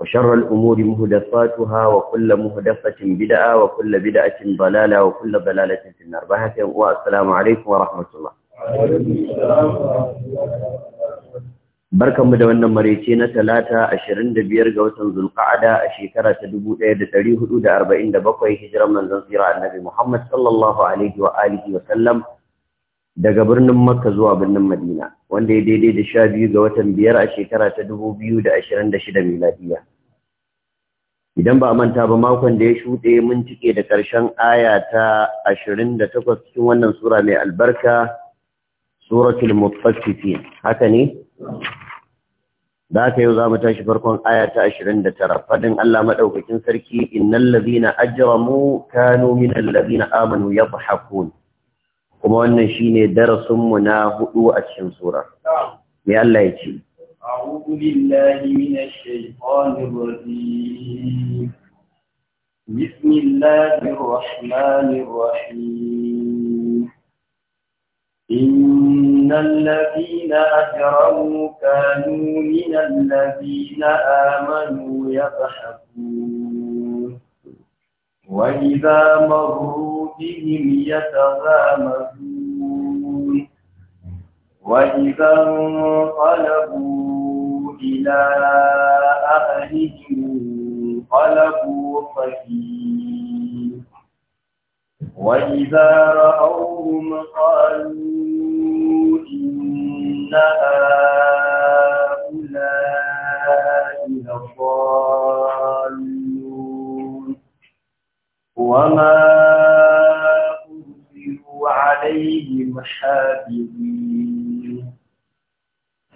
وشر الأمور مهدفاتها وكل مهدفة بدعة وكل بدعة ضلالة وكل ضلالة في النار بحث والسلام عليكم ورحمة الله barkanmu da wannan marece na talata ashirin da biyar ga watan zulqa'ada a shekara ta dubu ɗaya da da hudu arba'in 1447 hijiran manzon sira annabi Muhammad sallallahu alaihi wa alihi wa sallam daga birnin Makka zuwa birnin Madina wanda ya daidai da sha biyu ga watan biyar a shekara ta dubu biyu da da ashirin shida miladiyya. idan ba manta ba makon da ya shuɗe mun cike da ƙarshen aya ta 28 cikin wannan sura mai albarka suratul haka ne da ka yau za mu tashi farkon aya ta 29 Faɗin Allah maɗaukakin sarki innal ladhina ajramu kanu minal ladhina amanu yadhhakun kuma wannan shine darasin mu na hudu a cikin sura me Allah ya ce أعوذ بالله من الشيطان الرجيم بسم الله الرحمن الرحيم إن الذين أجرموا كانوا من الذين آمنوا يضحكون وإذا مروا بهم يتغامزون وإذا انقلبوا إلى أهلهم انقلبوا فكين وإذا رأوهم قالوا إن هؤلاء لضالون وما أرسلوا عليهم حافظين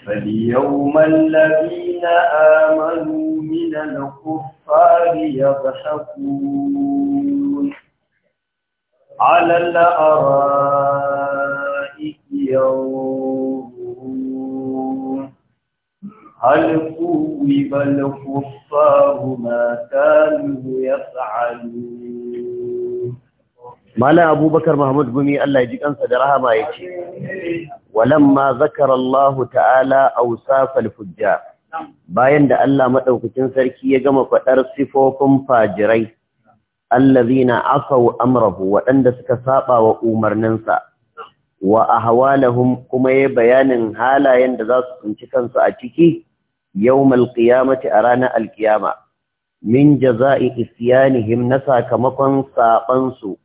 فاليوم الذين الذين آمنوا من الكفار يضحكون على الأرائك ينظرون هل ثوب الكفار ما كانوا يفعلون مالا أبو بكر محمود بني الله يجيك أنسى درها ما يجي ولما ذكر الله تعالى أوصاف الفجار bayan da Allah maɗaukacin sarki ya gama faɗar sifofin fajirai Allah na asaw amrahu waɗanda suka saba wa umarninsa wa ahwalahum kuma ya bayanin halayen da za su kunci kansu a ciki yawmal qiyamati a ranar alkiyama min jaza'i isyanihim na sakamakon saɓansu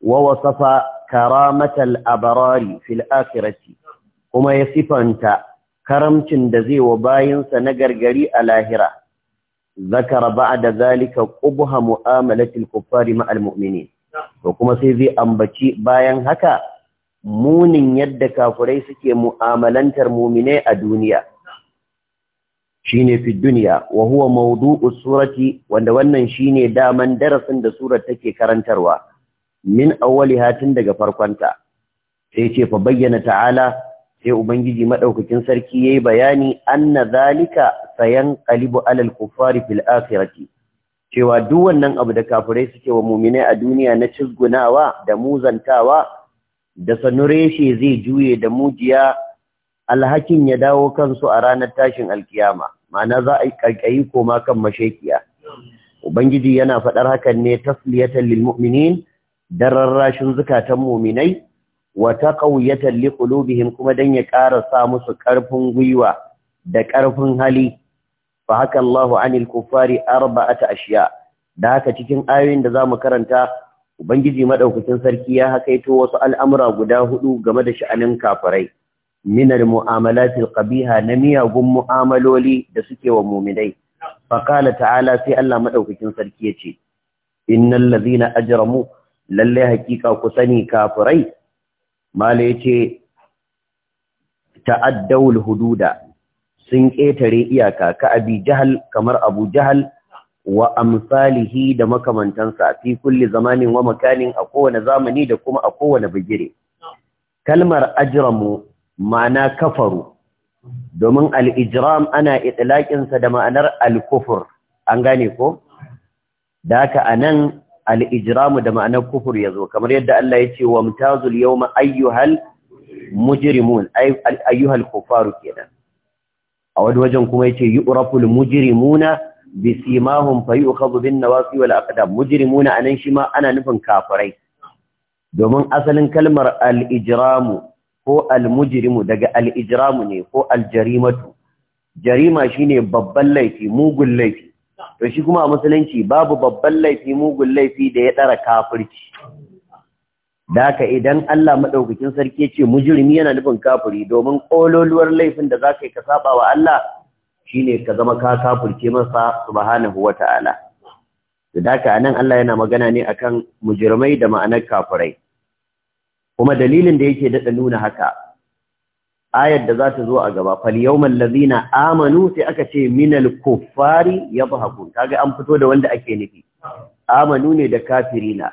wa wasafa karamatal abarari fil akhirati kuma ya sifanta karamcin da zai wa bayinsa na gargari a lahira zakara da zalika ƙubuha mu'amalatil kuffari ma'al mu'minin to kuma sai zai ambaci bayan haka munin yadda kafurai suke mu'amalantar mu'mine a duniya shine fi duniya wa huwa mawdu'u surati wanda wannan shine daman darasin da surar take karantarwa min awwaliha tun daga farkonta sai ce fa bayyana ta'ala sai ubangiji madaukakin sarki yayi bayani anna zalika sayan qalibu alal kufari fil akhirati cewa duk wannan abu da kafirai suke wa mu'minai a duniya na cizgunawa da muzantawa da sanureshe zai juye da mujiya alhakin ya dawo kansu a ranar tashin alkiyama ma'ana za a yi ƙarƙayi koma kan mashekiya ubangiji yana faɗar hakan ne tasliyatan lil mu'minin dan rarrashin zukatan mu'minai wata taqawiyatan liqulubihim kuma dan ya ƙara sa musu ƙarfin gwiwa da ƙarfin hali fa haka Allahu anil kuffari arba'ata ashiya da haka cikin ayoyin da zamu karanta ubangiji maɗaukacin sarki ya hakaito wasu al'amura guda hudu game da sha'anin kafirai Minar al-mu'amalat na miyagun mu'amaloli da suke wa mu'minai fakala ta'ala sai Allah maɗaukacin sarki ce innan ladhina ajramu Lallai haƙiƙa ku sani kafirai mala yace ta'addawul hududa sun ƙetare iyaka ka abi jahal kamar abu jahal wa amsalihi da makamantansa fi kulli zamanin wa makanin a kowane zamani da kuma a kowane bigire kalmar ajramu ma'ana kafaru domin al-ijram ana itlaƙinsa da ma'anar al-kufur an gane ko da haka anan al da ma'anar kufur yazo kamar yadda Allah ya ce wa mutazul ma ayyuhal mujrimun ayyuhal kufaru kenan a wani wajen kuma yace yu'raful mujrimuna bisimahum fayu'khadhu wasu nawasi wal Mujirimuna a anan shi ma ana nufin kafirai domin asalin kalmar al ko al daga al ijiramu ne ko al-jarimatu jarima shine babban laifi mugun laifi to shi kuma a musulunci babu babban laifi mugun laifi da ya ɗara kafirci Daka idan Allah maɗaukakin sarki ya ce mujirmi yana nufin kafiri domin ƙololuwar laifin da za ka yi ka saba wa Allah shine ka zama ka kafirce masa subhanahu wataala ta'ala da anan Allah yana magana ne akan mujrimai da ma'anar kafirai kuma dalilin da yake daɗa nuna haka ayar da za ta zo a gaba fal Ladina, amanu sai aka ce minal kuffari yadhhabun kaga an fito da wanda ake nufi amanu ne da kafirina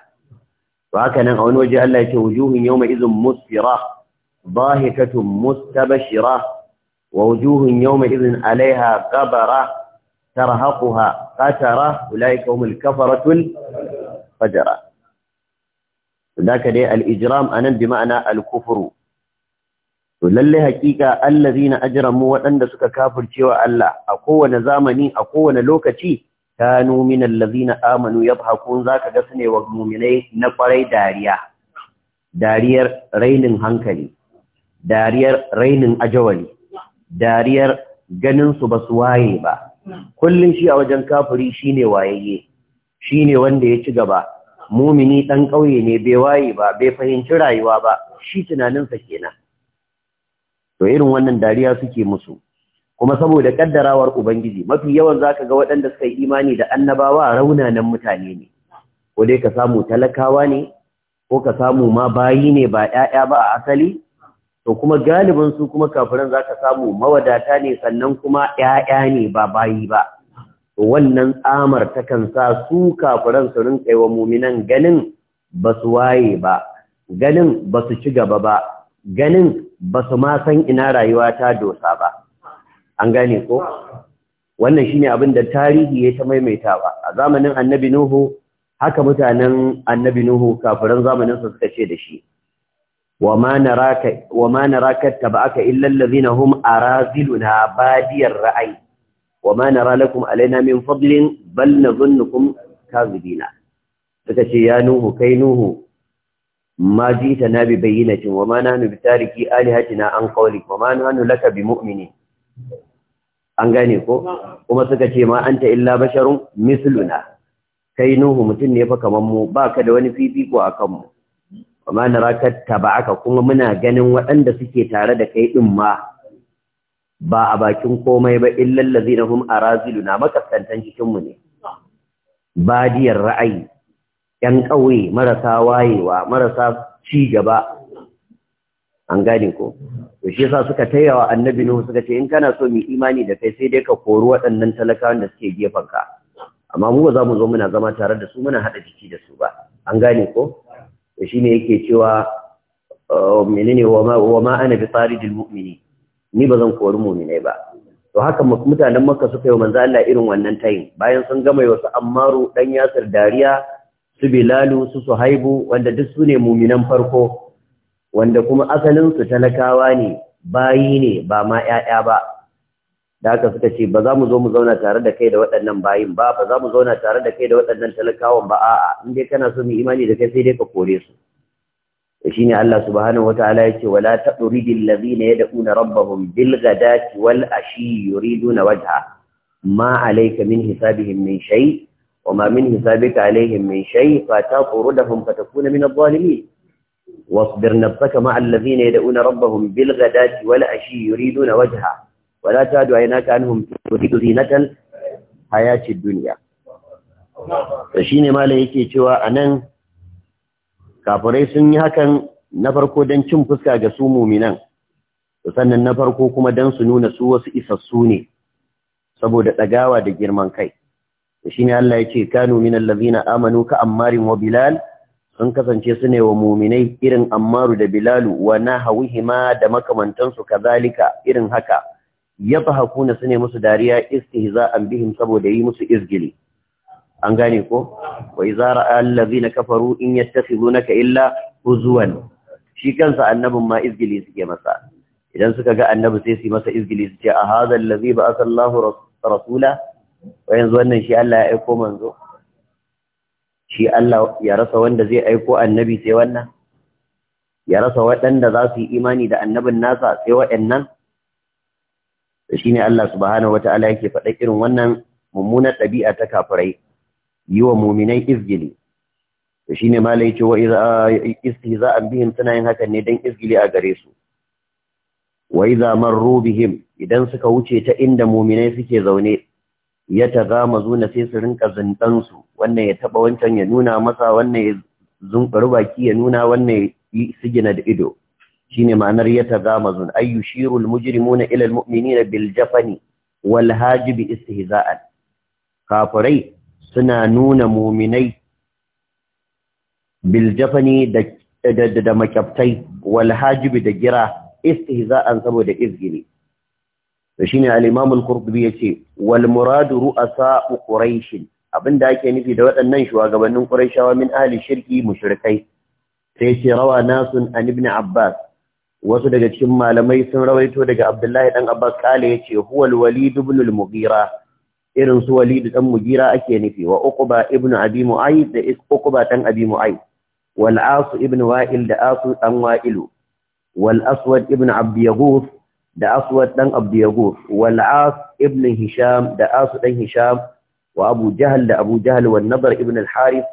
to haka nan a wani waje Allah ya ce wujuhun yawma idhin musfira dhahikatun mustabashira wa wujuhun yawma idhin alaiha qabara tarhaquha qatara ulaika humul kafaratul fajara ذاك دي الإجرام أنا al الكفر to lalle haƙiƙa allazina ajramu waɗanda suka kafircewa Allah a kowane zamani a kowane lokaci kanu min allazina amanu yadhakun zaka ga sune wa mu'minai na kwarai dariya dariyar rainin hankali dariyar rainin ajawali dariyar ganin su basu waye ba Kullum shi a wajen kafiri shine wayayye shine wanda ya ci gaba mumini dan kauye ne bai waye ba bai fahimci rayuwa ba shi tunaninsa kenan to irin wannan dariya suke musu kuma saboda kaddarawar ubangiji mafi yawan zaka ga waɗanda suka yi imani da annabawa raunanan mutane ne ko dai ka samu talakawa ne ko ka samu ma bayi ne ba ƴaƴa ba a asali to kuma galibin su kuma kafiran zaka samu mawadata ne sannan kuma ƴaƴa ne ba bayi ba to wannan tsamar takan sa su kafiran su rinka yi wa muminan ganin ba su waye ba ganin ba su ci gaba ba ganin ba su ma san ina rayuwa ta dosa ba an gane ko wannan shine abin da tarihi ya ta maimaitawa a zamanin annabi nuhu haka mutanen annabi nuhu kafiran zamanin su suka ce da shi wama naraka wama naraka tabaka illa allazina hum araziluna badiyar ra'ayi wama nara lakum alaina min fadlin bal nadhunnukum suka ce ya nuhu kai nuhu ما جئتنا ببينة وما نحن بتاركي آلهتنا عن قولك وما نحن لك بمؤمنين an gane ko kuma suka ce ma anta illa basharun misluna kai nuhu mutum ne fa kaman mu baka da wani fifiko akan mu amma naraka tabaka kuma muna ganin waɗanda suke tare da kai din ma ba a bakin komai ba illal ladina hum araziluna makasantan cikin mu ne badiyar ra'ayi ‘yan ƙauye marasa wayewa marasa ci gaba an gane ko to shi yasa suka tayawa annabi nuhu suka ce in kana so mu imani da kai sai dai ka kori waɗannan talakawan da suke gefan ka amma mu ba za mu zo muna zama tare da su muna haɗa jiki da su ba an gane ko to shine yake cewa oh, menene wa ma ana bi taridil mu'mini ni ba zan kori mu'minai ba to haka mutanen makka suka yi manzo Allah irin wannan tayin bayan sun gama wasu ammaru dan yasir dariya su bilalu su suhaibu wanda duk su ne muminan farko wanda kuma asalinsu talakawa ne bayi ne ba ma 'ya'ya ba da aka suka ce ba za mu zo mu zauna tare da kai da waɗannan bayin ba ba za mu zauna tare da kai da waɗannan talakawan ba a'a in dai kana so mu imani da kai sai dai ka kore su shi ne Allah subhanahu Wataala ya ce wala taqridil ladina yad'una rabbahum bil ghadati wal ashi yuriduna wajha ma alayka min hisabihim min shay وما من حسابك عليهم من شيء فاتا قردهم فتكون من الظالمين واصبر نفسك مع الذين يدعون ربهم بالغداة والعشي يريدون وجهه ولا تعد عيناك عنهم تريد زينة الحياة الدنيا فشيني ما لهيكي cewa anan kafirai sun yi hakan na farko don cin fuska ga su muminan sannan na farko kuma don su nuna su wasu isassu ne saboda ɗagawa da girman kai shine Allah yace kanu minal ladina amanu ka ammarin wa bilal sun kasance su ne wa muminai irin ammaru da bilalu wa nahawihima da makamantansu kazalika irin haka yadhakuna su ne musu dariya an bihim saboda yi musu izgili an gane ko wa idza ra'a allazina kafaru in yattakhidunaka illa huzwan shi kansa annabin ma izgili suke masa idan suka ga annabi sai su masa izgili su ce a hadha allazi ba'atha rasula yanzu wannan shi Allah ya aiko manzo shi Allah ya rasa wanda zai aiko annabi sai wannan ya rasa waɗanda za su yi imani da annabin nasa sai waɗannan shi ne Allah subhanahu wata'ala yake faɗa irin wannan mummunar ɗabi'a ta kafirai yi wa muminai izgili shi ne mala ya ce wa za a bihim suna yin hakan ne don izgili a gare su wa iza marru bihim idan suka wuce ta inda muminai suke zaune ya tagamazu na sai su rinka zindan su wannan ya taba wancan ya nuna masa wannan ya zunkuri baki ya nuna wannan ya sigina da ido shine ma'anar ya tagamazu ay yushiru al mujrimuna Ilal al mu'minina bil jafani wal hajib istihza'an kafirai suna nuna muminai bil da da makyaftai wal hajib da gira istihza'an saboda izgili to shine al-Imam al-Qurtubi yace wal muradu ru'asa quraish abinda ake nufi da waɗannan shugabannin quraishawa min ahli shirki mushrikai sai yace rawa nasun an ibn Abbas wasu daga cikin malamai sun rawaito daga Abdullahi dan Abbas kale yace huwa al-Walid ibn al-Mughira irin su Walid dan Mugira ake nufi wa Uqba ibn Abi Mu'ayyid da Uqba dan Abi Mu'ayyid wal As ibn Wa'il da As dan Wa'ilu wal Aswad ibn Abd Yaghuth da aswad dan abdu yago wal as ibn hisham da asu dan hisham wa abu da abu jahal wal nadar ibn al harith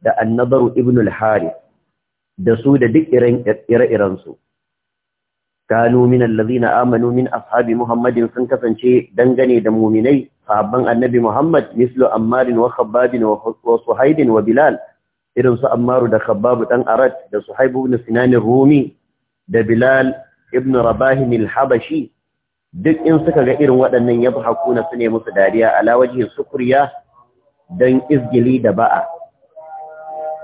da an nadar ibn al harith da su da duk ire-iren su kanu min allazina amanu min ashabi muhammadin sun kasance dangane da muminai sahabban annabi muhammad mislu ammarin wa khabbabin wa suhaibin wa bilal irin su ammaru da khabbabu dan arat da suhaibu ibn sinan rumi da bilal ibn rabahim al-habashi duk in suka ga irin waɗannan Hakuna su ne musu dariya ala wajhi sukriya dan izgili da ba'a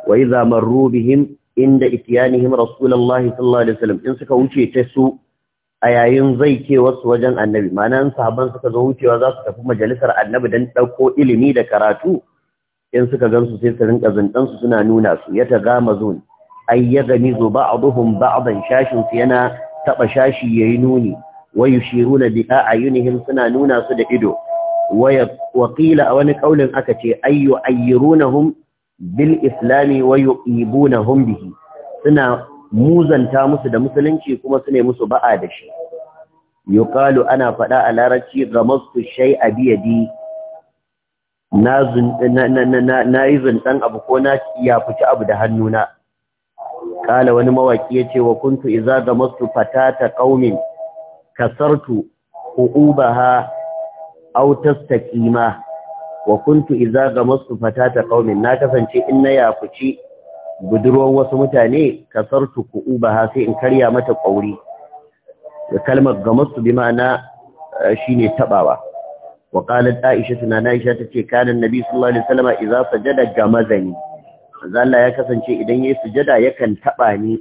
wa idza marru bihim inda itiyanihim rasulullahi sallallahu alaihi wasallam in suka wuce ta su a yayin zai ke wasu wajen annabi ma'ana sahaban suka zo wucewa za su tafi majalisar annabi don ɗauko ilimi da karatu in suka gansu sai su rinka zuntansu suna nuna su ya ta gama zon ai ya gani zo ba abuhun shashin su yana taba shashi yayi nuni wayushiruna bi a'yunihim suna nuna su da ido wa qila a wani kaulin aka ce ayyu ayyirunahum bil islami wa yuqibunahum bihi suna muzanta musu da musulunci kuma suna musu ba'a da shi yuqalu ana fada a larabci gamastu shay'a bi yadi na na na na na abu ko na ya fici abu da hannuna kala wani mawaki yace wa kuntu masu fata ta ƙaunin kasartu autas ta ƙima wa kuntu masu fata ta ƙaunin na kasance in na yafuci budurwan wasu mutane kasartu ha sai in karya mata ƙauri da kalmar masu bi ma'ana eh, shine taɓawa wa qalat aisha tunana aisha tace sun annabi sallallahu alaihi wasallam idza sajada mazani manzo Allah ya kasance idan yayi sujada yakan taba ni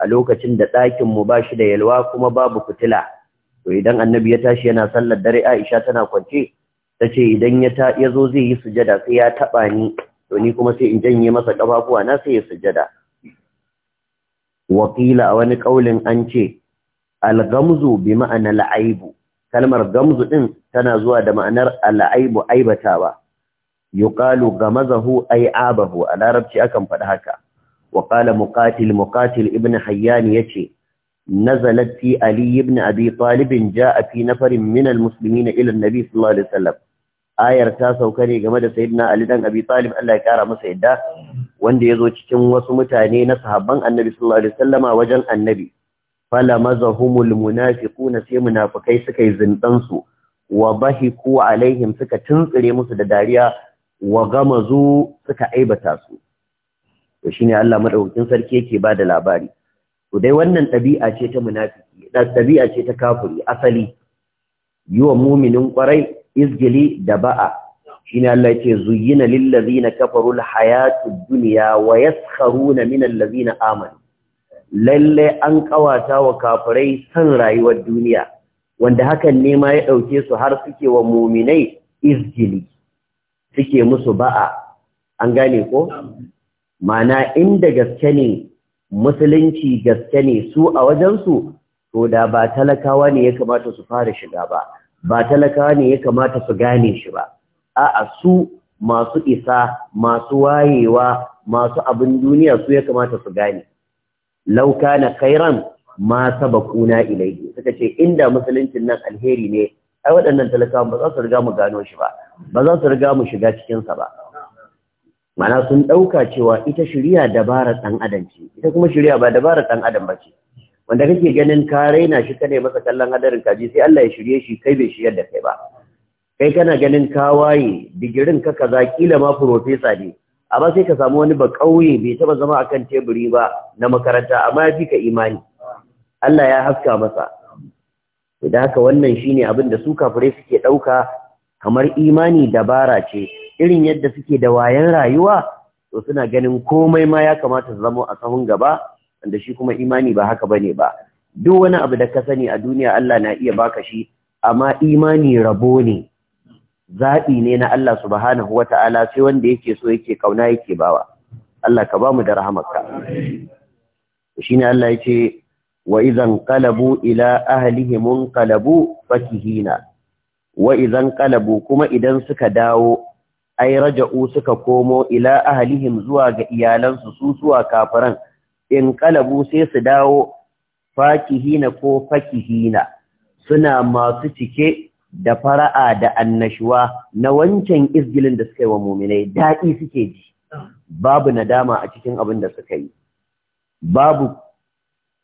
a lokacin da ɗakin mu bashi da yalwa kuma babu fitila to idan annabi ya tashi yana sallar dare Aisha tana kwance tace idan ya ta yazo zai yi sujada sai ya taba ni to ni kuma sai in janye masa kafafuwa na sai ya sujada wakila a wani kaulin an ce al-gamzu bi ma'ana al-aibu kalmar gamzu din tana zuwa da ma'anar al-aibu aibatawa yuqalu gamazahu ay abahu a larabci akan faɗi haka wa qala muqatil muqatil ibn hayyan yace nazalat fi ali ibn abi talib jaa fi nafarin min almuslimin ila annabi sallallahu alaihi wasallam ayar ta sauka ne game da sayyidina ali dan abi talib Allah ya kara masa yadda wanda yazo cikin wasu mutane na sahabban annabi sallallahu alaihi wasallama wajen annabi fala mazahumul munafiquna sai munafikai suka yi zindan su wa bahiku alaihim suka tuntsire musu da dariya wa gamazu suka aibata su to shine Allah madaukakin sarki yake bada labari to dai wannan ɗabi'a ce ta munafiki ɗabi'a ce ta kafiri asali yi muminin kwarai izgili da ba'a shine Allah yake zuyyina lil ladina kafaru al hayatud dunya wa yaskharuna min al ladina amanu lalle an kawata wa kafirai san rayuwar duniya wanda hakan ne ma ya dauke su har suke wa muminai izgili suke musu ba'a an gane ko mana inda gaske ne musulunci gaske ne su a wajensu to da ba talakawa ne ya kamata su fara shiga ba ba talakawa ne ya kamata su gane shi ba a'a su masu isa masu wayewa masu abin duniya su ya kamata su gane lauka na kairan ma sabakuna ilaihi suka ce inda musuluncin nan alheri ne ai waɗannan talakawa ba za su riga mu gano shi ba ba za su riga mu shiga cikinsa ba mana sun ɗauka cewa ita shirya dabara ɗan adam ce ita kuma shirya ba dabara ɗan adam ba ce wanda kake ganin ka raina shi ne masa kallon hadarin kaji sai Allah ya shirye shi kai bai shiryar da kai ba kai kana ganin ka waye digirin ka kaza kila ma furofesa ne amma sai ka samu wani ba kauye bai taba zama akan teburi ba na makaranta amma ya fi ka imani Allah ya haska masa da haka wannan shine abin da su kafirai suke ɗauka kamar imani dabara ce irin yadda suke da wayan rayuwa to suna ganin komai ma ya kamata su zama a sahun gaba wanda shi kuma imani ba haka bane ba duk wani abu da ka sani a duniya Allah na iya baka shi amma imani rabo ne zaɓi ne na Allah subhanahu wata'ala sai wanda yake so yake kauna yake bawa Allah ka bamu da rahamarka ne Allah yace wa idan qalabu ila ahlihim qalabu fakihina wa idan qalabu kuma idan suka dawo ai raja'u suka komo ila ahlihim zuwa ga iyalansu su zuwa kafiran in qalabu sai su dawo fakihina ko fakihina suna masu cike da fara'a da annashuwa na wancan izgilin da suka yi wa muminai daɗi suke ji babu nadama a cikin abin da suka yi babu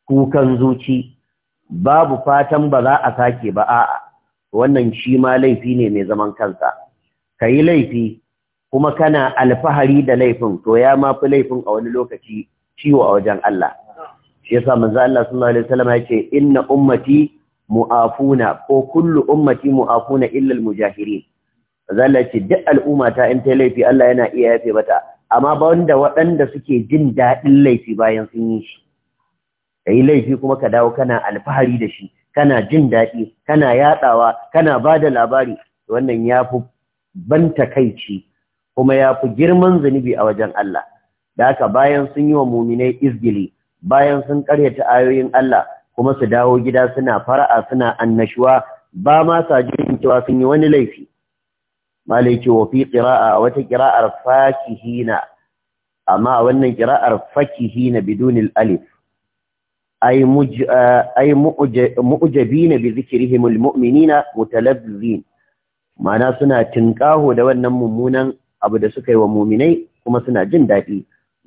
kukan zuci babu fatan ba za a sake ba a'a wannan shi ma laifi ne mai zaman kansa ka yi laifi kuma kana alfahari da laifin to ya ma fi laifin a wani lokaci ciwo a wajen Allah shi yasa manzo Allah sallallahu alaihi wasallam ya ce inna ummati mu'afuna ko kullu ummati mu'afuna illa al-mujahirin zalla ce duk al'umma ta in ta laifi Allah yana iya yafe mata amma ba wanda waɗanda suke jin daɗin laifi bayan sun yi shi kai laifi kuma ka dawo kana alfahari da shi kana jin daɗi kana yaɗawa kana ba da labari wannan ya fi ban takaici kuma ya fi girman zunubi a wajen Allah da haka bayan sun yi wa muminai izgili bayan sun karyata ayoyin Allah kuma su dawo gida suna fara'a suna annashuwa ba ma sa jin cewa sun yi wani laifi malai wa fi qira'a wata qira'ar fakihina amma wannan qira'ar fakihina bidunil alif ay mu'jabina bi zikrihim almu'minina mutalabbin ma'ana suna tinkaho da wannan mummunan abu da suka yi wa mu'minai kuma suna jin daɗi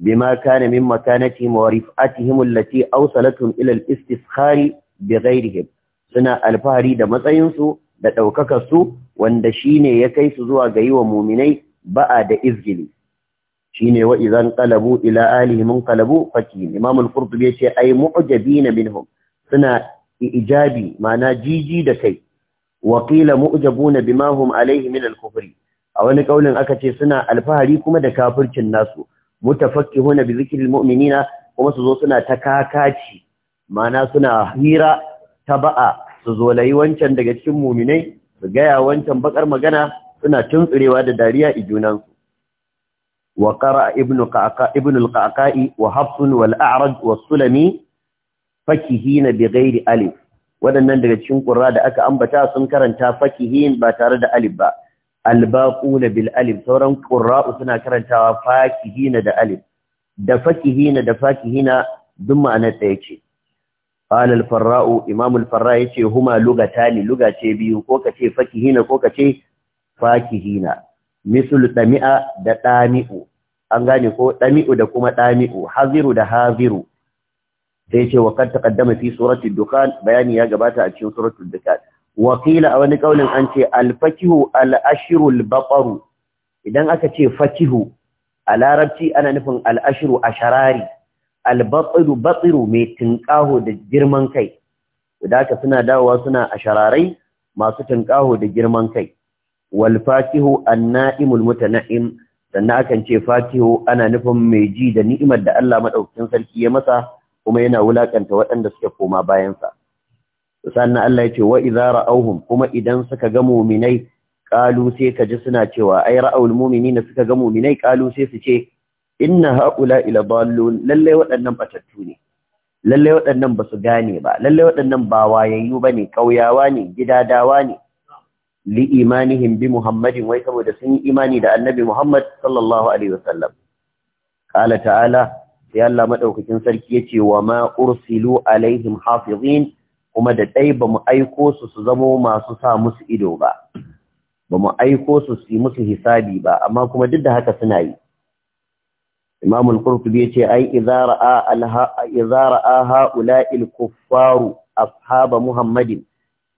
bima kana min makanatihim wa rif'atihim allati awsalatuhum ila al-istiskhari bi suna alfahari da matsayinsu da ɗaukakarsu wanda shi ne ya kai su zuwa ga yi wa muminai ba'a da izgili shine wa izan qalabu ila alihim qalabu fakin imam al ce yace ay na minhum suna ijabi ma'ana jiji da kai wakila qila mu'jabuna bima'hum alaihi min al a wani kaulin aka ce suna alfahari kuma da kafircin nasu mutafakkihuna bi zikril mu'minina kuma su zo suna ta kakaci ma'ana suna hira ta ba'a su zolayi wancan daga cikin muminai su gaya wancan bakar magana suna tuntsurewa da dariya junansu. وقرأ ابن قعقاء ابن القعقاء وحفص والأعرج والسلمي فكهين بغير ألف waɗannan daga cikin ƙurra da aka ambata sun karanta fakihin ba tare da alif ba albaquna bil alif sauran ƙura'u suna karantawa fakihina da alif da fakihina da fakihina duk ma'anar ɗaya ce قال الفراء امام الفراء yace huma lugatani lugace biyu ko kace fakihina ko kace fakihina misul ɗami'a da ɗami'u an gane ko ɗami'u da kuma ɗami'u haziru da haziru sai ce wa kad taqaddama fi surati dukan bayani ya gabata a cikin surati dukan wa qila a wani kaulin an ce al fakihu al ashru al baqaru idan aka ce fakihu a larabci ana nufin al ashru asharari al baqaru baqaru mai tinkaho da girman kai da suna dawowa suna ashararai masu tinkaho da girman kai wal fakihu annaimul mutana'im sannan akan ce fakihu ana nufin mai ji da ni'imar da Allah madaukakin sarki ya masa kuma yana wulakanta waɗanda suke koma bayan sa sannan Allah ya ce wa idza ra'awhum kuma idan suka ga mu'minai qalu sai ka ji suna cewa ai ra'awul mu'minina suka ga mu'minai qalu sai su ce inna haula ila dallun lalle waɗannan batattu ne lalle waɗannan ba su gane ba lalle waɗannan ba wayayyu bane kauyawa ne gidadawa ne li imanihim bi Muhammadin wai saboda sun yi imani da Annabi Muhammad sallallahu alaihi wasallam qala ta'ala sai Allah madaukakin sarki yace wa ma ursilu alaihim hafizin kuma da dai bamu aiko su su zamo masu sa musu ido ba bamu aiko su su yi musu hisabi ba amma kuma duk da haka suna yi Imam al-Qurtubi yace ai idza ra'a Alha idza ra'a ha'ula'il kuffaru ashaba Muhammadin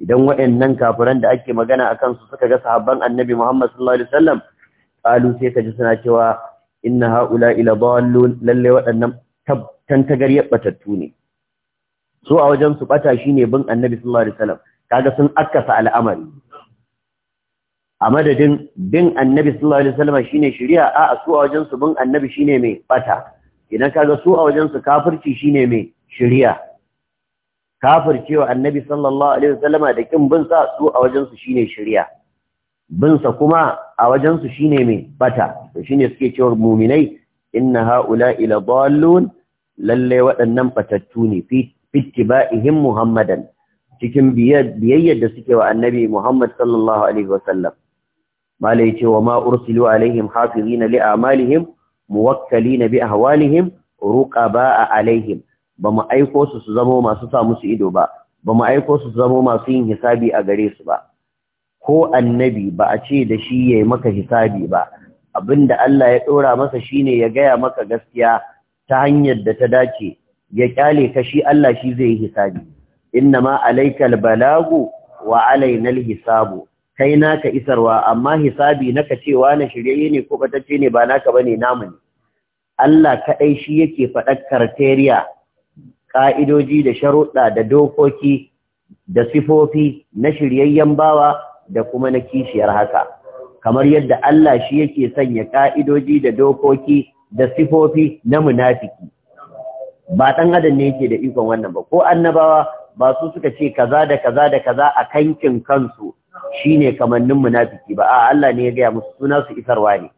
idan waɗannan kafiran da ake magana a kansu suka ga sahabban annabi Muhammad sallallahu alaihi wasallam qalu sai kaji suna cewa inna haula ila dallun lalle waɗannan tabtan tagariyar batattu ne so a wajen su bata shine bin annabi sallallahu alaihi wasallam kaga sun akasa al'amari a madadin bin annabi sallallahu alaihi wasallam shine shari'a a su a wajen su bin annabi shine mai bata idan kaga su a wajen su kafirci shine mai shari'a kafircewa annabi sallallahu alaihi wasallama da kin bin sa su a wajen su shine shari'a bin sa kuma a wajen su shine mai bata to shine suke cewa mu'minai inna haula ila dallun lalle waɗannan batattu ne fi ittiba'ihim muhammadan cikin biyayyar da suke wa annabi muhammad sallallahu alaihi wasallam malai ce wa ma ursilu alaihim hafizina li amalihim muwakkalina bi ahwalihim ruqaba alaihim ba mu aiko su su zamo masu sa musu ido ba ba mu aiko su su zamo masu yin hisabi a gare su ba ko annabi ba a ce da shi yayi maka hisabi ba abinda Allah ya ɗora masa shine ya gaya maka gaskiya ta hanyar da ta dace ya kyale ka shi Allah shi zai yi hisabi ma alaikal balagu wa alainal alhisabu kai naka isarwa amma hisabi naka cewa na shirye ne ko ce ne ba naka bane namu ne Allah kaɗai shi yake faɗar karteriya ƙa'idoji da sharuɗa da dokoki da sifofi na shiryayyen bawa da kuma na kishiyar haka kamar yadda Allah shi yake sanya ƙa'idoji da dokoki da sifofi na munafiki ba ɗan adam ne yake da ikon wannan ba ko annabawa ba su suka ce kaza da kaza da kaza a kankin kansu shine kamannin munafiki ba a Allah ne ya gaya musu suna su isarwa ne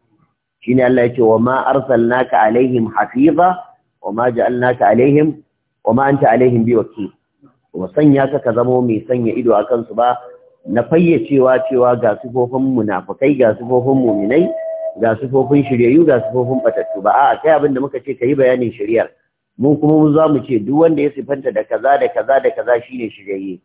shine Allah ya ce wa ma arsalnaka alaihim hafiza wa ma ja'alnaka alaihim wa ma anta alaihim bi wakil wa sanya ka ka zamo mai sanya ido a kansu ba na fayye cewa cewa ga sifofin munafikai ga sifofin muminai ga sifofin shiryayyu ga sifofin batattu ba a'a kai abin da muka ce kai bayanin shiryar mun kuma mu za mu ce duk wanda ya sifanta da kaza da kaza da kaza shine shiryayye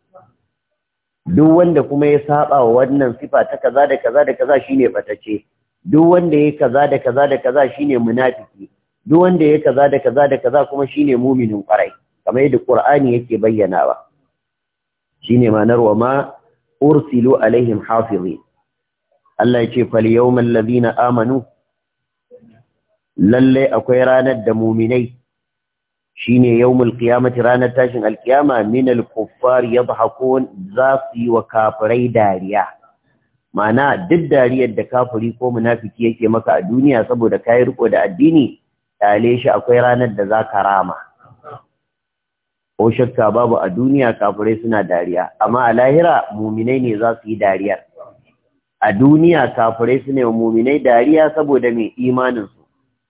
duk wanda kuma ya saba wa wannan sifa ta kaza da kaza da kaza shine batace duk wanda ya kaza da kaza da kaza shine munafiki duk wanda ya kaza da kaza da kaza kuma shine muminin kwarai kamar yadda Qur'ani yake bayyanawa shine ma'anar wa ma ursilu alaihim hafizi Allah ya ce fal yawmal ladina amanu lalle akwai ranar da muminai shine yawmul qiyamati ranar tashin alqiyama min alkuffar yadhakun za wa kafirai dariya Mana duk dariyar da kafiri ko munafiki yake maka a duniya saboda kai riko da addini tale shi akwai ranar da za karama. rama ko shakka babu a duniya kafirai suna dariya amma a lahira muminai ne za su yi dariyar a duniya kafirai su ne wa muminai dariya saboda mai imaninsu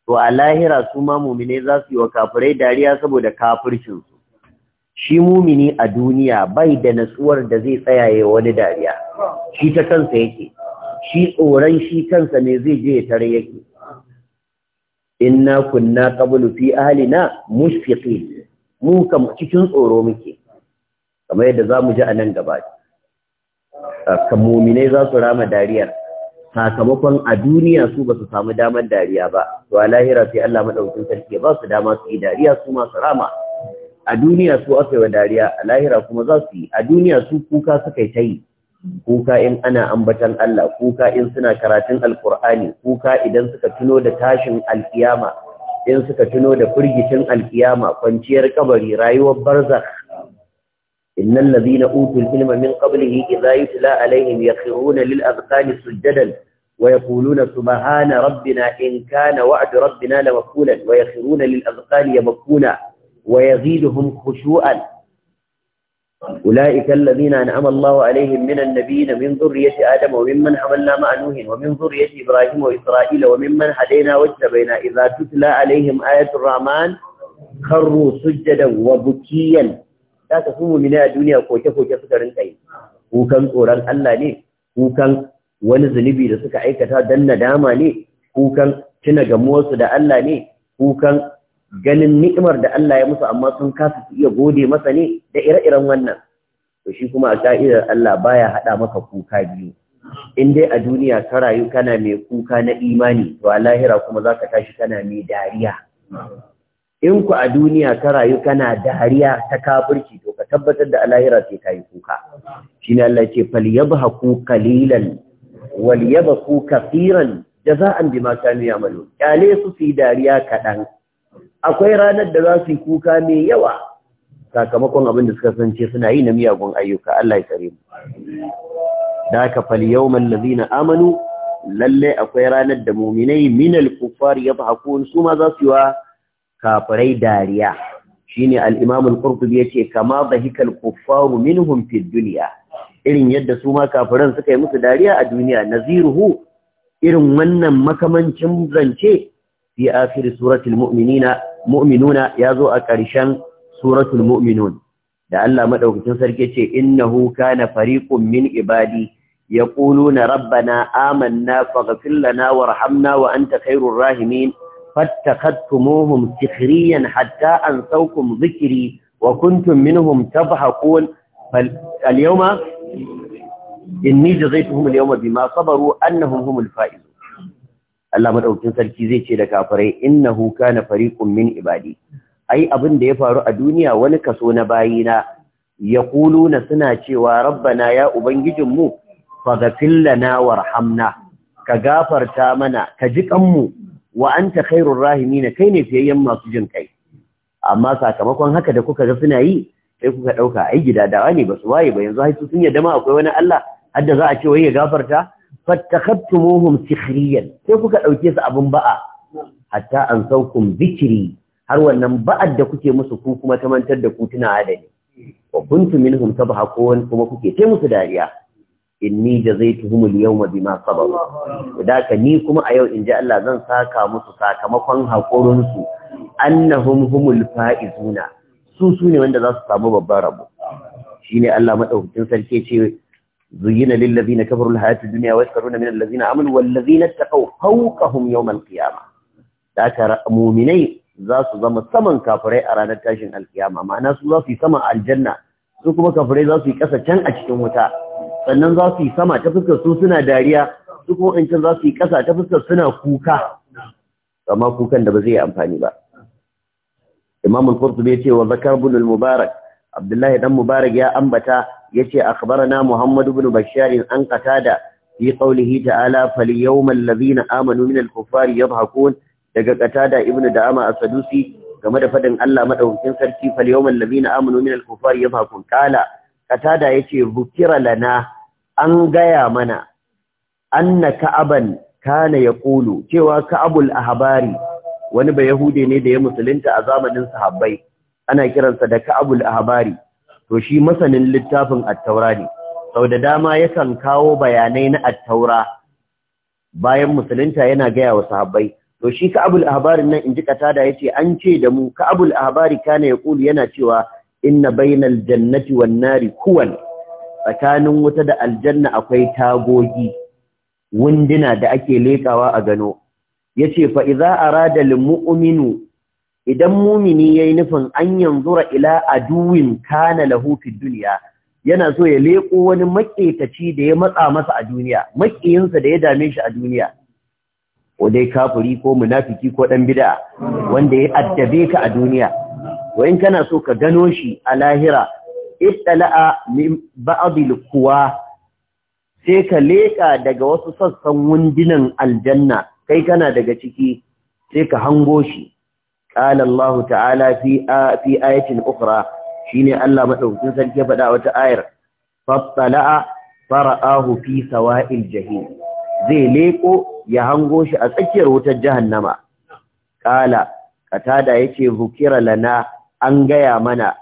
to a lahira su ma muminai za su yi wa kafirai dariya saboda kafircinsu shi mumini a duniya bai da natsuwar da zai tsayaye wani dariya shi ta kansa yake shi tsoron shi kansa ne zai je ya tare yake inna kunna qablu fi ahlina mushfiqin mu kam cikin tsoro muke kamar yadda za mu ji a nan gaba kan muminai za su rama dariyar sakamakon a duniya su ba su samu damar dariya ba to a lahira sai Allah madaukakin sarki ba su dama su yi dariya su ma su rama a duniya su aka yi dariya a lahira kuma za su yi a duniya su kuka suka yi ta kuka in ana ambatan Allah kuka in suna karatun alkur'ani kuka idan suka tuno da tashin alkiyama in suka tuno da firgitin alkiyama kwanciyar kabari rayuwar barzakh innal ladina utul ilma min qablihi idza yutla alaihim yakhruna lil azqani sujadan wa yaquluna subhana rabbina in kana wa'du rabbina la maqulan wa yakhruna lil azqani yabquna wa yaziduhum khushu'an أولئك الذين أنعم الله عليهم من النبيين من ذرية آدم وممن حملنا مع نوح ومن ذرية إبراهيم وإسرائيل وممن هدينا واجتبينا إذا تتلى عليهم آية الرحمن خروا سجدا وبكيا لا تصوموا من الدنيا كوكا كوكا سكرن كي وكان قران الله ني وكان ونزنبي لسكا عيكتا دن داما ني وكان تنجموس دا الله ني وكان ganin ni'imar da Allah ya musu amma sun kasa su iya gode masa ne da ire-iren wannan to shi kuma a ka'idar Allah baya hada maka kuka biyu in dai a duniya ka rayu kana mai kuka na imani to a lahira kuma zaka tashi kana mai dariya in ku a duniya ka rayu kana dariya ta kafirci to ka tabbatar da a lahira sai ka yi kuka shine Allah ya ce falyabhaku qalilan yabku kaseeran jaza'an bima kanu ya'malu kyale su fi dariya kadan akwai ranar da za su yi kuka mai yawa sakamakon abin da suka sance suna yi na miyagun ayyuka Allah ya tsare mu da ka fal yawmal ladina amanu Lallai akwai ranar da mu'minai minal ya yadhakun su ma za su yi wa kafirai dariya shine al-imam al-qurtubi yace kama bahikal kuffaru minhum fi dunya irin yadda su ma kafiran suka yi musu dariya a duniya naziruhu irin wannan makamancin zance fi akhir suratul mu'minina mu'minuna yazo a ƙarshen suratul mu'minun da Allah madaukakin sarki ce innahu na fariqun min ibadi yaquluna rabbana amanna faghfir lana warhamna wa anta khairur rahimin فاتخذتموهم سخريا حتى أنسوكم ذكري وكنتم منهم تضحكون فاليوم إني جزيتهم اليوم بما صبروا أنهم هم الفائزون Allah madaukin sarki zai ce da kafirai innahu kana fariqun min ibadi ai abin da ya faru a duniya wani kaso na bayina yaquluna suna cewa rabbana ya ubangijin mu, faghfir lana warhamna ka gafarta mana ka ji kanmu wa anta khairur rahimin kai ne fiyayyen masu jin kai amma sakamakon haka da kuka ga suna yi sai kuka dauka ai gida dawa ne basu waye ba yanzu haisu sun yadda ma akwai wani Allah hadda za a ce wai ya gafarta fattakhattumuhum sikhriyan sai kuka dauke su abun ba'a hatta an saukum zikri har wannan ba'ad da kuke musu ku kuma ta mantar da ku tuna ni. wa kuntum minhum tabhakun kuma kuke ta musu dariya inni jazaituhum al-yawma bima sabaru ka ni kuma a yau inji Allah zan saka musu sakamakon hakurin su annahum humul faizuna su sune wanda za su samu babban rabo shine Allah madaukakin sarki ce زين للذين كفروا الحياة الدنيا ويسخرون من الذين آمنوا والذين اتقوا فوقهم يوم القيامة ذاك مؤمني ذا زما سمن كافري أرانا تاشن القيامة معنى سوزا في سما الجنة su kuma kafirai za su yi ƙasa can a cikin wuta sannan za su yi sama ta su suna dariya su kuma in can za su yi ƙasa ta suna kuka amma kukan da ba zai yi amfani ba imam al ya ce wa zakar al-mubarak abdullahi dan mubarak ya ambata yace akhbarana Muhammad ibn Bashar an qatada fi qawlihi ta'ala falyawmal ladhina amanu minal kuffari yadhhakun daga qatada ibn da'ama as-sadusi game da fadin Allah madaukakin sarki falyawmal ladhina amanu minal kuffari yadhhakun kala qatada yace bukira lana an gaya mana anna ka'aban kana yaqulu cewa ka'abul ahbari wani ba yahude ne da ya musulunta a zamanin sahabbai ana kiransa da ka'abul ahbari to shi masanin littafin attaura ne sau da dama yakan kawo bayanai na attaura bayan musulunta yana gaya wa sahabbai to shi ka'abul ahbarin nan inji da yace an ce da mu ka'abul ahbari kana yaqulu yana cewa inna bainal jannati wan nari kuwan tsakanin wuta da aljanna akwai tagogi wunduna da ake lekawa a gano yace fa idza arada lil mu'minu idan mumini yi nufin an yanzura ila aduwin kana lahu duniya, yana so ya leƙo wani maƙetaci da ya matsa masa a duniya maƙiyinsa da ya dame shi a duniya ko dai kafiri ko munafiki ko ɗan bid'a wanda ya addabe ka a duniya wa in kana so ka gano shi a lahira ittala'a min ba'dil quwa sai ka leƙa daga wasu sassan wundinan aljanna kai kana daga ciki sai ka hango shi qala ta'ala fi fi shine Allah madaukakin sarki ya faɗa wata ayar fattala'a fara'ahu fi sawa'il jahim zai leƙo ya hango shi a tsakiyar wutar nama. Ƙala, katada yace hukira lana an gaya mana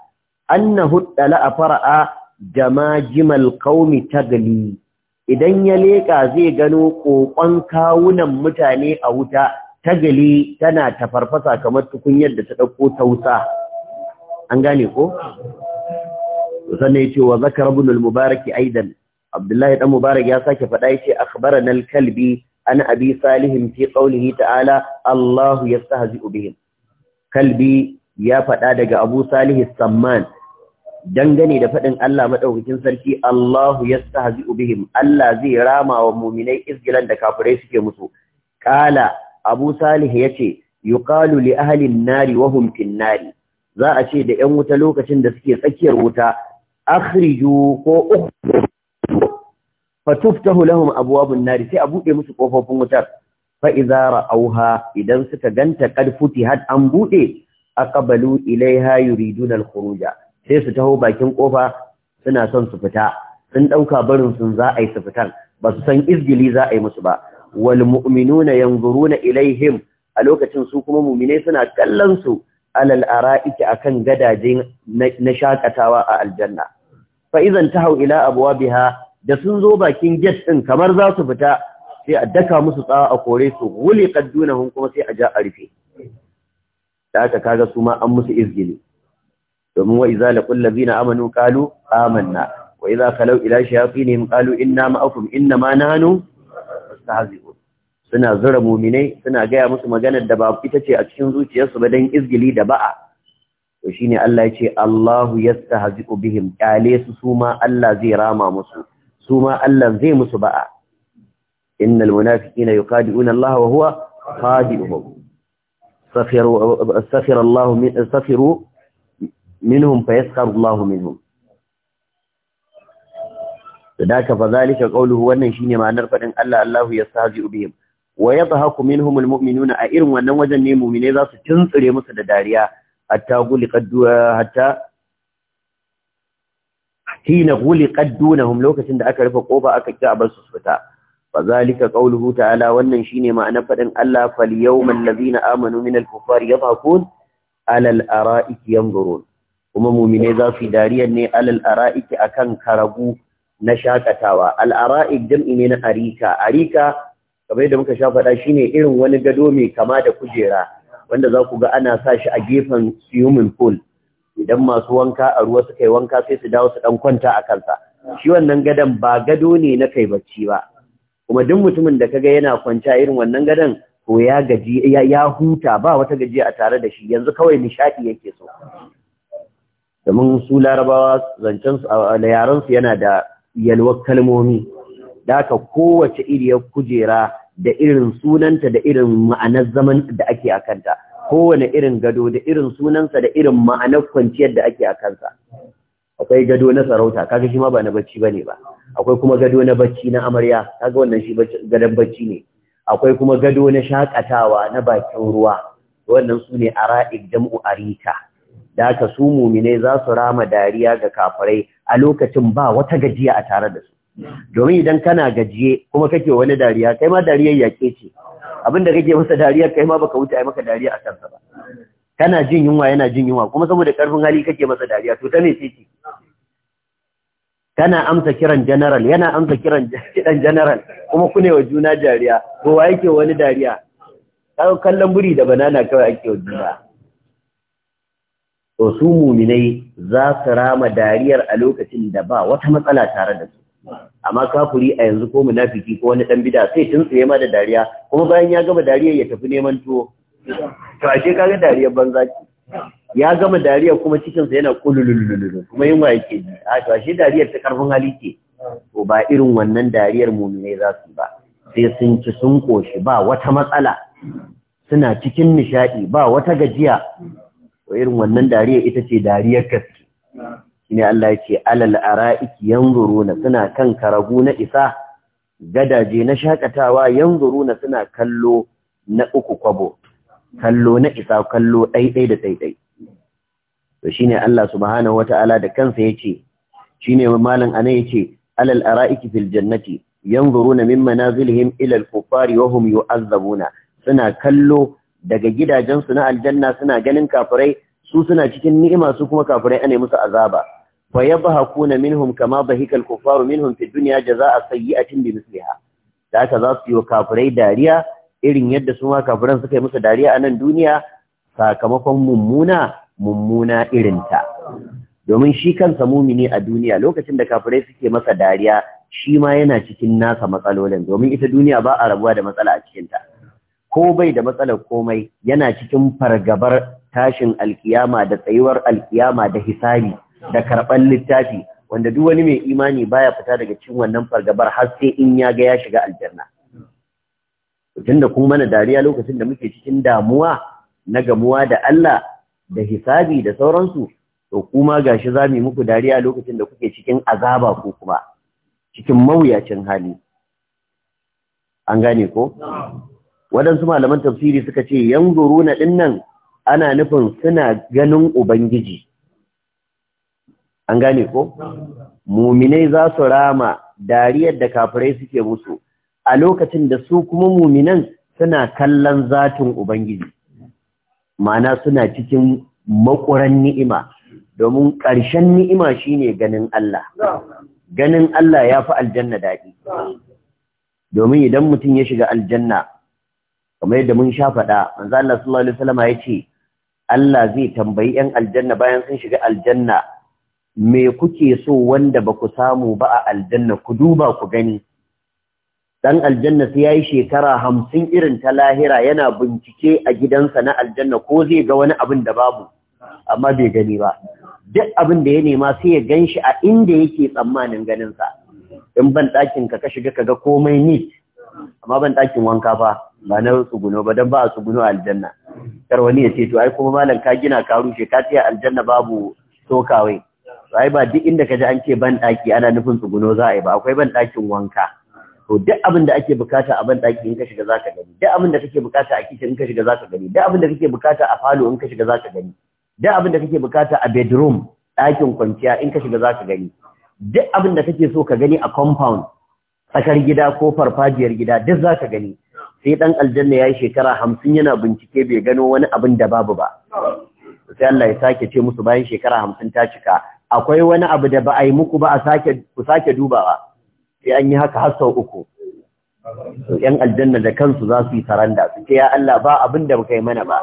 annahu a fara'a jamajimal qaumi tagli idan ya leƙa zai gano kokon kawunan mutane a wuta tagali tana tafarfasa kamar tukunyar da ta ɗauko tausa an gane ko sannan yace wa zakar ibn al-mubarak aidan abdullahi dan mubarak ya sake faɗa yace akhbarana al-kalbi an abi salih fi qawlihi ta'ala allah yastahzi'u bihim kalbi ya faɗa daga abu salih samman dangane da faɗin Allah madaukakin sarki allahu yastahzi'u bihim allah zai rama wa mu'minai izgilan da kafirai suke musu kala abu salih ya ce yuqalu li ahlin nari wa hum fin nari za a ce da 'yan wuta lokacin da suke tsakiyar wuta akhriju ko ukhru fatuftahu lahum abwabun nari sai a buɗe musu kofofin wutar fa idza ra'awha idan suka ganta kad futihat an buɗe aqbalu ilaiha yuriduna al-khuruja sai su taho bakin kofa suna son su fita sun dauka barin sun za a yi su fitan ba su san izgili za a yi musu ba wal Yanzuru na ilaihim a lokacin su kuma mu'minai suna kallon su alal a kan gadaje na shakatawa a aljanna fa idan tahau ila abwabiha da sun zo bakin gate ɗin kamar za su fita sai a daka musu tsawa a kore su ghuliqat dunahum kuma sai a ja a rufe da aka kaga su ma an musu izini. domin wa iza laqul ladina amanu qalu amanna wa iza khalu ila shayatinihim qalu inna ma'akum inna ma nahnu yastahzi'un suna zura muminai suna gaya musu maganar da ba ita ce a cikin zuciyarsu ba dan izgili da ba'a to shine Allah ya ce Allahu yastahzi'u bihim kale su suma Allah zai rama musu suma Allah zai musu ba'a innal munafiqina yuqadi'una Allah wa huwa qadi'uhum safiru safira Allah min safiru minhum fayaskharu Allah minhum daka ka fa zalika qawluhu wannan shine ma'anar fadin Allah Allahu yastahzi'u bihim wa yadhaku minhum almu'minuna a irin wannan wajen ne mu'mine za su tuntsire musu da dariya hatta guliqad hatta hina guliqad dunahum lokacin da aka rufe kofa aka ki a su fita fa zalika qawluhu ta'ala wannan shine ma'anar fadin Allah fal yawmal ladina amanu minal kuffari yadhakun alal ara'iki yanzurun kuma mumine za su dariyar ne alal ara'iki akan karagu na shakatawa al'ara'ik jam'i ne na arika arika kamar yadda muka sha faɗa shine irin wani gado mai kama da kujera wanda za ku ga ana sa shi a gefen swimming pool idan masu wanka a ruwa suka yi wanka sai su dawo su dan kwanta a kansa shi wannan gadon ba gado ne na kai bacci ba kuma duk mutumin da kaga yana kwanta irin wannan gadon ko ya gaji ya huta ba wata gajiya a tare da shi yanzu kawai nishaɗi yake so domin su larabawa zancen su da yaran su yana da yalwar kalmomi da aka kowace iriyar kujera da irin sunanta da irin ma'anar zaman da ake a kanta kowane irin gado da irin sunansa da irin ma'anar kwanciyar da ake a kansa akwai gado na sarauta kaga shi ma ba na bacci bane ba akwai kuma gado na bacci na amarya kaga wannan shi gadon bacci ne akwai kuma gado na shakatawa na bakin ruwa wannan su ne ara'ik jam'u arika da ka su mumine za su rama dariya ga kafirai a lokacin ba wata gajiya a tare da su domin idan kana gajiye kuma kake wani dariya kai ma dariyar yake ce abinda kake masa dariya kai ma baka wuce ai maka dariya a kansa ba kana jin yunwa yana jin yunwa kuma saboda karfin hali kake masa dariya to ta me ce kana amsa kiran general yana amsa kiran kidan general kuma kune wa juna dariya to wa yake wani dariya kallon buri da banana kawai ake wa juna to su muminai za su rama dariyar a lokacin da ba wata matsala tare da su amma kafuri a yanzu ko munafiki ko wani dan bid'a sai tsaye ma da dariya kuma bayan ya gama dariyar ya tafi neman tuwo to ashe kaga dariyar banza ki? ya gama dariyar kuma cikin sa yana kululululu kuma yunwa waye ji a to ashe dariyar ta karfin hali ce to ba irin wannan dariyar muminai za su ba sai sun ci sun koshi ba wata matsala suna cikin nishadi ba wata gajiya wa irin wannan dariya ita ce dariyar gaske shine Allah ya ce alal ara'iki yanzuruna suna kan karagu na isa gadaje na shakatawa yanzuruna suna kallo na uku kwabo kallo na isa kallo ɗaiɗai da ɗaiɗai to shine Allah subhanahu wata'ala da kansa yace shine malam ana yace alal ara'iki fil jannati yanzuruna min manazilihim ilal al wahum wa hum yu'azzabuna suna kallo daga gidajensu na aljanna suna ganin kafirai su suna cikin ni'ima su kuma kafirai ana musu azaba fa yabhakuna minhum kama Bahikal, al-kuffar minhum fi dunya jazaa'a sayyi'atin bi misliha da haka za su yi kafirai dariya irin yadda su ma kafiran suka yi musu dariya a nan duniya sakamakon mummuna mummuna irinta domin shi kansa mumini a duniya lokacin da kafirai suke masa dariya shi ma yana cikin nasa matsalolin domin ita duniya ba a rabuwa da matsala a cikinta ko bai da matsalar komai yana cikin fargabar tashin alkiyama da tsayuwar alkiyama da hisabi da karɓar littafi wanda duk wani mai imani baya fita daga cikin wannan fargabar har sai in ya ga ya shiga aljanna da kuma mana dariya lokacin da muke cikin damuwa na gamuwa da Allah da hisabi da sauransu to kuma gashi za mu muku dariya lokacin da kuke cikin azaba ko kuma cikin mawuyacin hali an gane ko waɗansu malaman tafsiri suka ce na dinnan ana nufin suna ganin ubangiji an gane ko muminai za su rama dariyar da kafirai suke musu a lokacin da su kuma muminan suna kallon zatin ubangiji ma'ana suna cikin makuran ni'ima domin ƙarshen ni'ima shine ganin Allah ganin Allah ya fi aljanna daɗi domin idan mutum ya shiga aljanna kamar yadda mun sha faɗa manzo Allah sallallahu alaihi wasallam ya ce Allah zai tambayi ƴan aljanna bayan sun shiga aljanna me kuke so wanda ba ku samu ba a aljanna ku duba ku gani dan aljanna sai yayi shekara hamsin irin ta lahira yana bincike a gidansa na aljanna ko zai ga wani abin da babu amma bai gani ba duk abin da ya nema sai ya ganshi a inda yake tsammanin ganinsa in ban ɗakin ka ka shiga ka ga komai neat amma ban ɗakin wanka ba ba na tsuguno ba don ba a tsuguno a aljanna kar wani ya ce to ai kuma malam ka gina ka rushe ka ce aljanna babu sokawai to ai ba duk inda ka an ce ban daki ana nufin tsuguno za a yi ba akwai ban dakin wanka to duk abin da ake bukata a ban daki in ka shiga zaka gani duk abin da kake bukata a kitchen in ka shiga zaka gani duk abin da kake bukata a falo in ka shiga zaka gani duk abin da kake bukata a bedroom dakin kwanciya in ka shiga zaka gani duk abin da kake so ka gani a compound tsakar gida ko farfajiyar gida duk zaka gani sai dan aljanna ya yi shekara hamsin yana bincike bai gano wani abin da babu ba sai Allah ya sake ce musu bayan shekara hamsin ta cika akwai wani abu da ba a yi muku ba a sake ku sake dubawa sai an yi haka har uku to yan aljanna da kansu za su yi saranda su ce ya Allah ba abin da baka yi mana ba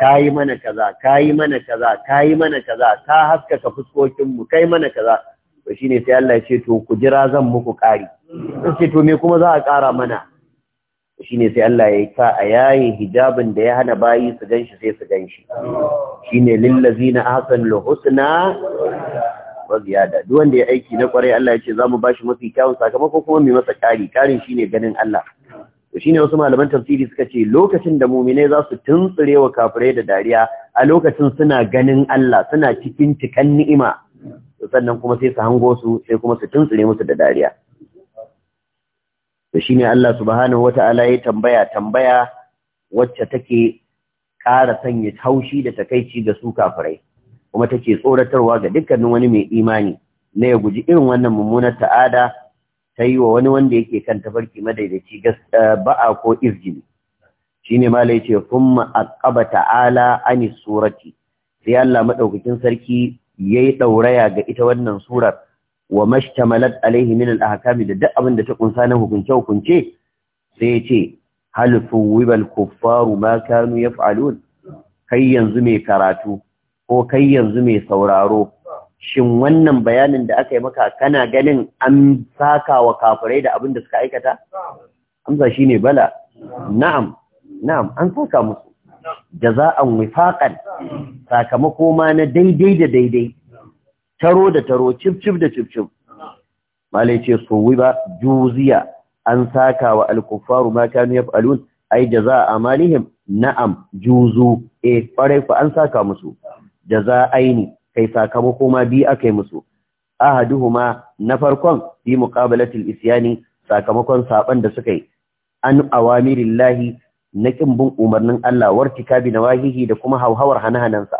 Ka yi mana kaza yi mana kaza yi mana kaza ka haskaka fuskokinmu ka yi mana kaza shi shine sai Allah ya ce to ku jira zan muku ƙari. sai to me kuma za a kara mana shine sai Allah ya sa a yayi hijabin da ya hana bayi su ganshi sai su ganshi shine lil ladzina ahsanul husna wa ziyada duk wanda ya aiki na kwarai Allah ya ce zamu bashi mafi kyawun sakamako kuma mai masa kari karin shine ganin Allah to shine wasu malaman tafsiri suka ce lokacin da mu'minai za su tuntsure wa kafirai da dariya a lokacin suna ganin Allah suna cikin cikan ni'ima sannan kuma sai su hango su sai kuma su tuntsure musu da dariya to ne Allah subhanahu Ta'ala ya tambaya tambaya wacce take ƙara sanya haushi da takaici ga su kafirai kuma take tsoratarwa ga dukkanin wani mai imani na ya guji irin wannan mummunar ta'ada ta yi wa wani wanda yake kan tafarki madaidaici eh, ba'a ko Shi ne Malam yace kuma aqaba ta'ala ani surati sai Allah madaukakin sarki ya yi ɗauraya ga ita wannan surar wa mashtamalat alaihi min al-ahkam da duk abin da ta kunsa na hukunce hukunce sai yace hal fuwibal kuffaru ma kanu yaf'alun kai yanzu mai karatu ko kai yanzu mai sauraro shin wannan bayanin da aka yi maka kana ganin an saka wa kafirai da abin da suka aikata amsa shine bala na'am na'am an saka musu jaza'an wifaqan sakamako ma na daidai da daidai taro da taro cif cif da cif cif malai ce sowi ba juziya an saka wa alkufaru ma kanu yaf'alun ai a amalihim na'am juzu eh kwarai ku an saka musu za aini kai sakamako ma bi akai musu ma na farkon bi muqabalatil isyani sakamakon saban da suka yi an awamirillahi na kin bin umarnin Allah wartikabi wahihi da kuma hauhawar hanahanansa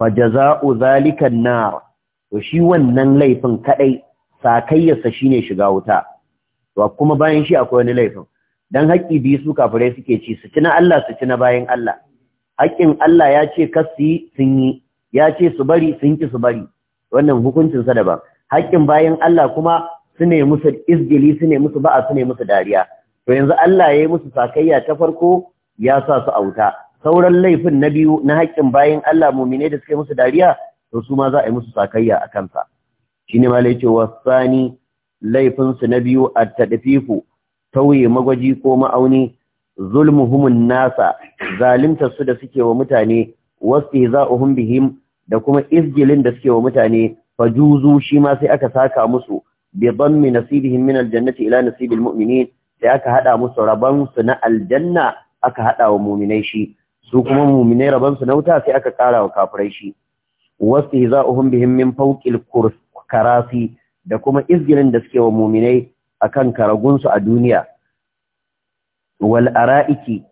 fa jaza'u zalika nar to shi wannan laifin kadai sakayyarsa shine shiga wuta to kuma bayan shi akwai wani laifin dan haƙƙi biyu su kafirai suke ci su ci na Allah su ci na bayan Allah haƙƙin Allah ya ce kasi sun yi ya ce su bari sun ki su bari wannan hukuncin sa daban haƙƙin bayan Allah kuma su ne musu izgili su ne musu ba'a su ne musu dariya to yanzu Allah ya yi musu sakayya ta farko ya sa su a wuta sauran laifin na biyu na haƙƙin bayan Allah mumine da suke musu dariya to su ma za a yi musu sakayya a kansa Shi ne lai ce wasani laifin na biyu at tadfifu tauye magwaji ko ma'auni zulmuhumun nasa zalimtar su da suke wa mutane wastihza'uhum bihim da kuma izgilin da suke wa mutane fajuzu shi ma sai aka saka musu bi dhammi nasibihim min aljannati ila nasibil mu'minin sai aka hada musu raban su na aljanna aka hada wa mu'minai shi su kuma mu'minai rabonsu su na wuta sai aka kara wa kafirai shi Wasu واستهزاؤهم بهم من فوق karasi da kuma izginin da suke wa muminai akan karagunsu a duniya wal ara'iki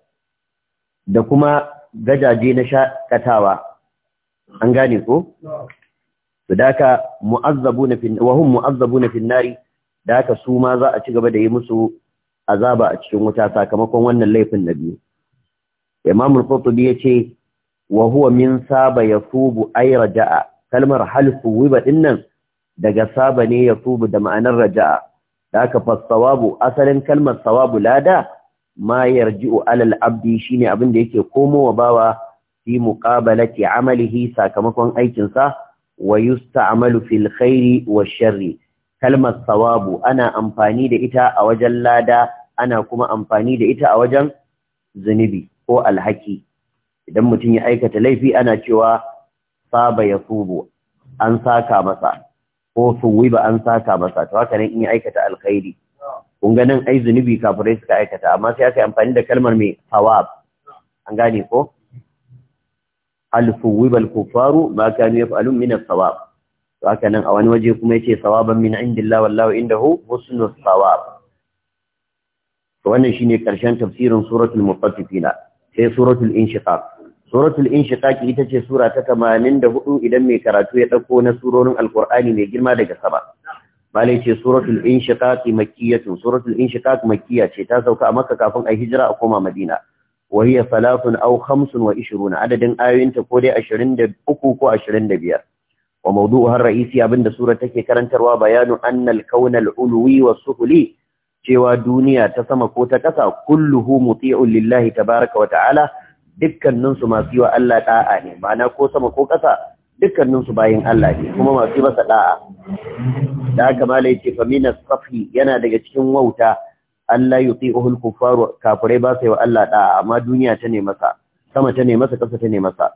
da kuma gajaje na shakatawa an gane ko sadaka mu'azzabuna fi wa da haka su ma za a ci gaba da yi musu azaba a cikin wuta sakamakon wannan laifin na biyu imamul al ya ce. wa huwa min saba yasubu ai raja'a kalmar halfu wiba dinnan daga saba ne yasubu da ma'anar raja'a da aka fasawabu asalin kalmar sawabu lada ma yarji'u alal abdi shine abin da yake komowa bawa fi muqabalati amalihi sakamakon aikin sa wa yusta'malu fil khairi sharri kalmar sawabu ana amfani da ita a wajen lada ana kuma amfani da ita a wajen zunubi ko alhaki idan mutum ya aikata laifi ana cewa saba ya tubu an saka masa ko suwiba an saka masa to haka nan in ya aikata alkhairi kun ga nan ai zunubi kafirai suka aikata amma sai aka yi amfani da kalmar mai sawab an gane ko al suwiba al-kuffaru ma kanu yaf'alun min as-sawab to haka nan a wani waje kuma yace sawaban min indillahi wallahu indahu husnus sawab to wannan shine karshen tafsirin suratul mutaffifin sai suratul inshiqaq suratul inshiqaqi ita ce sura ta 84 idan mai karatu ya dauko na surorin alqur'ani mai girma daga saba Bale ce suratul inshiqaqi makkiyatun suratul inshiqaq makkiya ce ta sauka a makka kafin a hijira a koma madina wa hiya salatun aw khamsun wa ishruna adadin ayoyinta ko dai 23 ko 25 wa mawdu'uha ar-ra'isi abinda sura take karantarwa bayanu annal al al-ulwi wa suhli cewa duniya ta sama ko ta kasa kulluhu muti'un lillahi tabaaraka wa ta'ala dukkaninsu masu yi wa Allah da'a ne ma'ana ko sama ko ƙasa dukkaninsu bayin Allah ne kuma masu yi masa da'a da aka malai ce famina safi yana daga cikin wauta Allah yuti'uhul kuffaru kafirai ba yi wa Allah da'a amma duniya ta ne masa sama ta ne masa ƙasa ta ne masa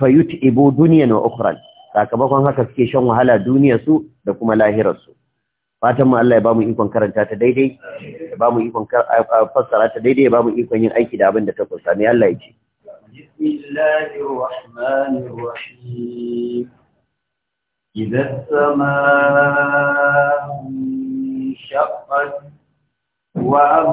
fayyut ibu duniya na ukran sakamakon haka suke shan wahala duniyarsu da kuma lahirarsu fatan mu Allah ya bamu ikon karanta ta daidai ya bamu ikon fassara ta daidai ya bamu ikon yin aiki da abin da ta kusa ne Allah ya ce bismillahir rahmanir rahim idza samaa shaqqat wa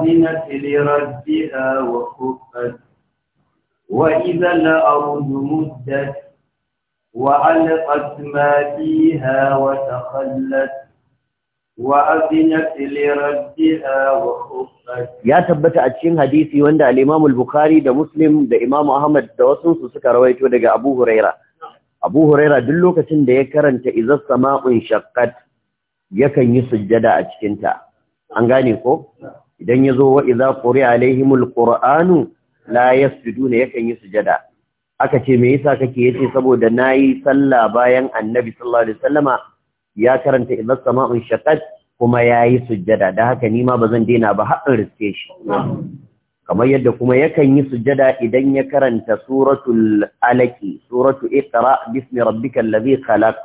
ya tabbata a cikin hadisi wanda Alimamul bukhari da Muslim da Imam Ahmad da wasu su suka rawaito daga Abu Huraira Abu Huraira duk lokacin da ya karanta izar sama'un shaqqat yakan yi sujjada a cikinta. an gane ko idan ya wa idza quri'a alaihimul qur'anu la yasjuduna yakan yi sujjada aka ce yi yasa kake yace saboda na yi sallah bayan Annabi sallallahu alaihi wasallama ya karanta idan sama'un shaqqat kuma yayi sujjada da haka nima ma bazan daina ba har in riske shi kamar yadda kuma yakan yi sujjada idan ya karanta suratul alaki suratu iqra bismi rabbikal ladhi khalaq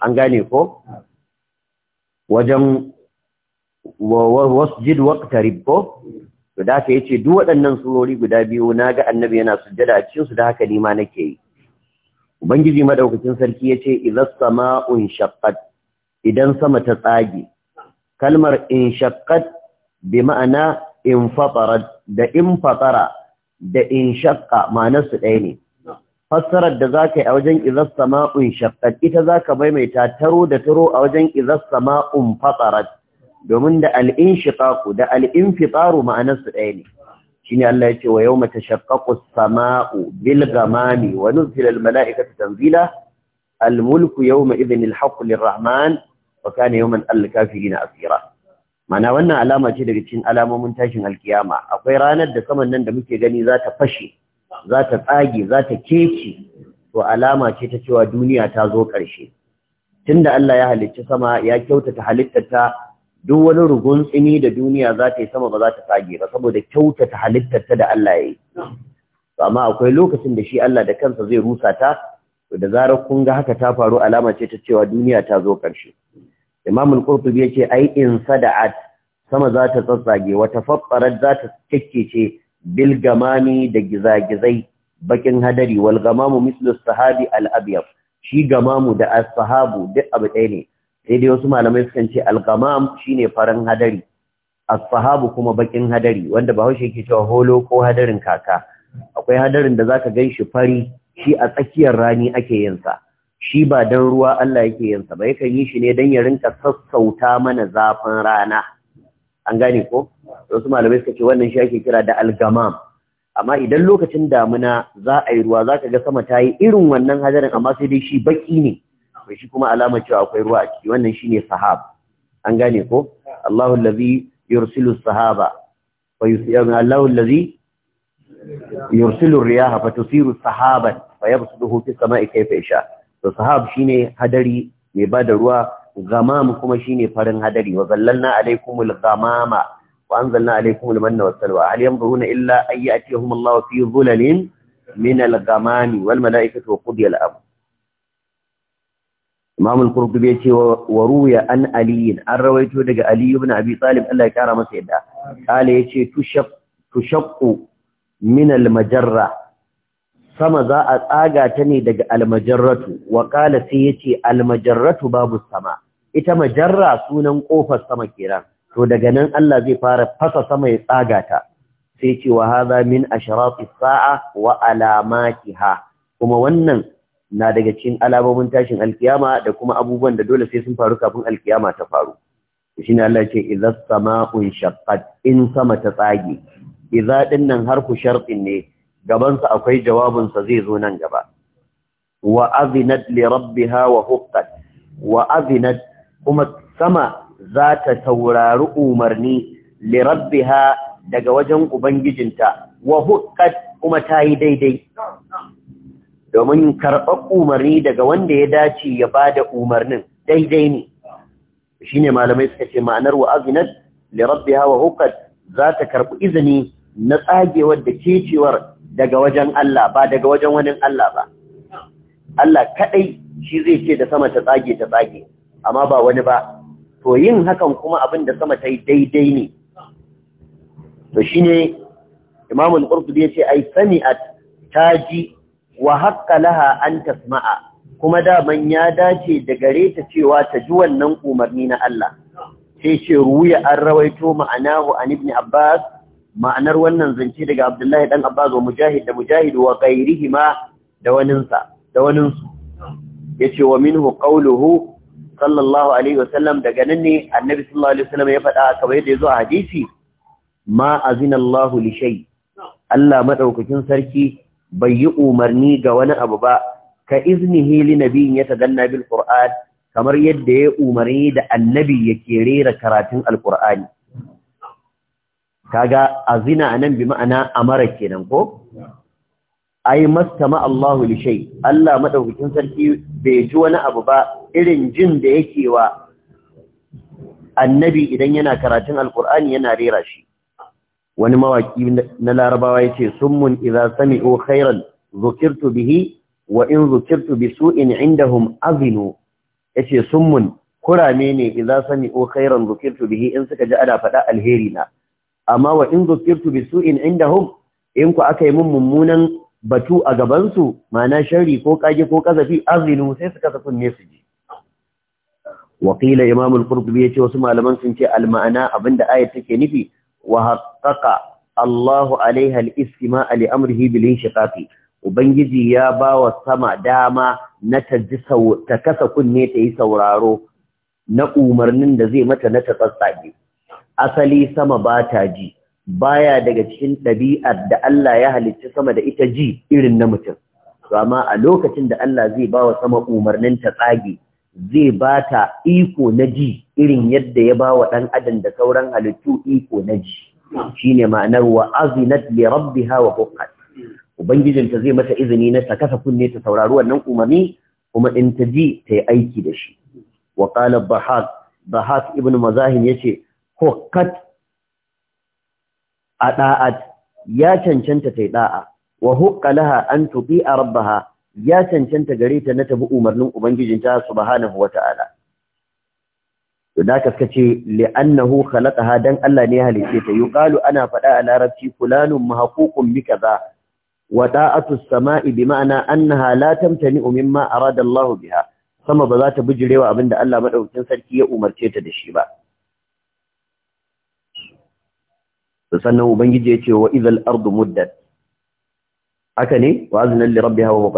an gane ko wajen wasjid waqtarib ko to da ka yace duk waɗannan surori guda biyu na ga annabi yana sujjada a cikin su da haka nima nake yi ubangiji madaukakin sarki yace idhas sama'un shaqqat idan sama ta tsage kalmar in shakkat bi ma'ana in fatara da in fatara da in shaqqa ma'anar su ɗaya ne fassarar da zaka yi a wajen izar sama'un shakkat ita zaka maimaita taro da taro a wajen izar sama'un fatarat domin da al-inshiqaqu da al-infitaru ma'anar su ɗaya ne shine Allah ya ce wa yauma ta shakkaƙu samau bil ghamami wa nuzila al-mala'ikatu tanzila al-mulku yawma idhin al-haqqu lir-rahman Baka kana yawman al-kafirina asira mana wannan alama ce daga cikin alamomin tashin alkiyama akwai ranar da saman nan da muke gani za ta fashe za ta tsage za ta keci to alama ce ta cewa duniya ta zo ƙarshe tunda Allah ya halicci sama ya kyautata halittarta duk wani rugun tsini da duniya za ta yi sama ba za ta tsage ba saboda kyautata halittarta da Allah ya yi amma akwai lokacin da shi Allah da kansa zai rusa ta to da zarar kun ga haka ta faru alama ce ta cewa duniya ta zo ƙarshe imam al-qurtubi yace ai in sada'at sama za ta tsatsage wa tafaffarat za ta kekkece bil gamami da gizagizai bakin hadari wal gamamu mislu sahabi al abyad shi gamamu da as-sahabu duk abu ɗaya ne sai dai wasu malamai suka ce al gamam shine farin hadari as-sahabu kuma bakin hadari wanda bahaushe yake cewa holo ko hadarin kaka akwai hadarin da zaka gan shi fari shi a tsakiyar rani ake yin sa shi ba dan ruwa Allah yake yin sa ba yakan yi shi ne dan ya rinka sassauta mana zafin rana an gane ko wasu malamai suka ce wannan shi ake kira da algamam amma idan lokacin damuna za a yi ruwa za ka ga sama ta yi irin wannan hajarin amma sai dai shi baki ne bai shi kuma alama cewa akwai ruwa a ciki wannan shi ne sahab an gane ko Allahu allazi yursilu sahaba wa yusiru Allahu allazi yursilu riyaha fatusiru sahaban fa yabsuduhu fi samai kayfa yasha to sahab shine hadari mai bada ruwa gamam kuma shine farin hadari wa zallalna alaikumul gamama wa anzalna alaikumul manna was salwa hal yanzuruna illa ay yatihum Allah fi dhulalin min al-gamami wal malaikatu wa qudiya al-amr Imam al-Qurtubi ya ce wa ruya an Ali an rawaito daga Ali ibn Abi Talib Allah ya kara masa yadda kale yace tushaqqu min al-majarra sama za a tsaga ta ne daga almajarratu wa sai yace almajarratu babu sama ita majarra sunan kofar sama kenan to daga nan Allah zai fara fasa sama ya tsaga ta sai yace wa hadha min ashrati sa'a wa alamatiha kuma wannan na daga cikin alamomin tashin alkiyama da kuma abubuwan da dole sai sun faru kafin alkiyama ta faru shi ne Allah ce idza sama'un shaqqat in sama ta tsage idza din nan harfu shartin ne gabansa akwai jawabinsa zai zo nan gaba wa azinat li rabbiha wa wa azinat kuma sama za ta taurari umarni li daga wajen ubangijinta wa huqqat kuma ta yi daidai domin karɓar umarni daga wanda ya dace ya ba da umarnin daidai ne shi ne malamai suka ce ma'anar wa azinat li rabbiha wa za ta karɓi izini na tsagewar da kecewar daga wajen Allah ba daga wajen wani Allah ba Allah kadai shi zai ce da sama ta tsage ta tsage amma ba wani ba to yin hakan kuma abin da sama ta yi daidai ne to shine Imam al-Qurtubi yace ai sami'at taji wa haqqa laha an tasma'a kuma daman ya dace da gare ta cewa ta ji wannan umarni na Allah sai ce ruya an rawaito ma'anahu an ibn Abbas ma'anar wannan zance daga Abdullahi dan Abbas wa Mujahid da Mujahid wa ghairihima da waninsa da waninsu yace wa minhu qawluhu sallallahu alaihi wasallam daga nan ne Annabi sallallahu alaihi wasallam ya faɗa kamar yadda yazo a hadisi ma azina Allahu li shay Allah madaukakin sarki bai yi umarni ga wani abu ba ka iznihi li nabiyin ya tadanna bil qur'an kamar yadda ya umarni da annabi ya rera karatun alqur'ani kaga azina anan bi ma'ana amara kenan ko ai mastama Allahu li shay Allah madaukakin sarki bai ji wani abu ba irin jin da yake wa annabi idan yana karatun alqur'ani yana rera shi wani mawaki na larabawa yace summun idza sami'u khairan zukirtu bihi wa in zukirtu bi su'in indahum azinu yace summun kurame ne idza sami'u khairan zukirtu bihi in suka ji ana fada alheri na amma wa in zukirtu bi su'in indahum in ku aka yi mun mummunan batu a gaban su ma'ana sharri ko kage ko kazafi azinu sai suka kasa kunne su ji wa qila imam al-qurtubi yace wasu malaman sun ce al-ma'ana abinda ayat take nufi wa haqqaqa Allahu alaiha al-istima li amrihi bil inshiqaqi ubangiji ya bawa sama dama na ta ji ta kasa kunne ta yi sauraro na umarnin da zai mata na ta tsatsage asali sama ba ta ji baya daga cikin ɗabi'ar da Allah ya halicci sama da ita ji irin na mutum to amma a lokacin da Allah zai ba wa sama umarnin ta tsage zai ba ta iko na ji irin yadda ya ba wa ɗan adam da sauran halittu iko na ji shine ma'anar wa azinat li rabbiha wa huqqat ubangijinta zai mata izini na ta kasa kunne ta saurari wannan umarni kuma in ta ji ta yi aiki da shi wa qala bahak bahak ibn mazahim ce. hukkat a Ɗa'at ya cancanta ta ɗa'a, wa an laha a tubi'a rabbaha ya cancanta gare ta na tabi umarnin ubangijinta subhanahu wata'ala to da kaska ce li'annahu ha dan Allah ne halice ta yuqalu ana faɗa a larabci kulanun mahququn bi kaza wa ɗaatu samai bi ma'ana annaha la tamtani'u mimma arada Allah biha sama ba za ta bijirewa abinda Allah madaukakin sarki ya umarce ta da shi ba sannan ubangiji ya ce wa idhal ardu muddat haka ne wa aznan li rabbiha wa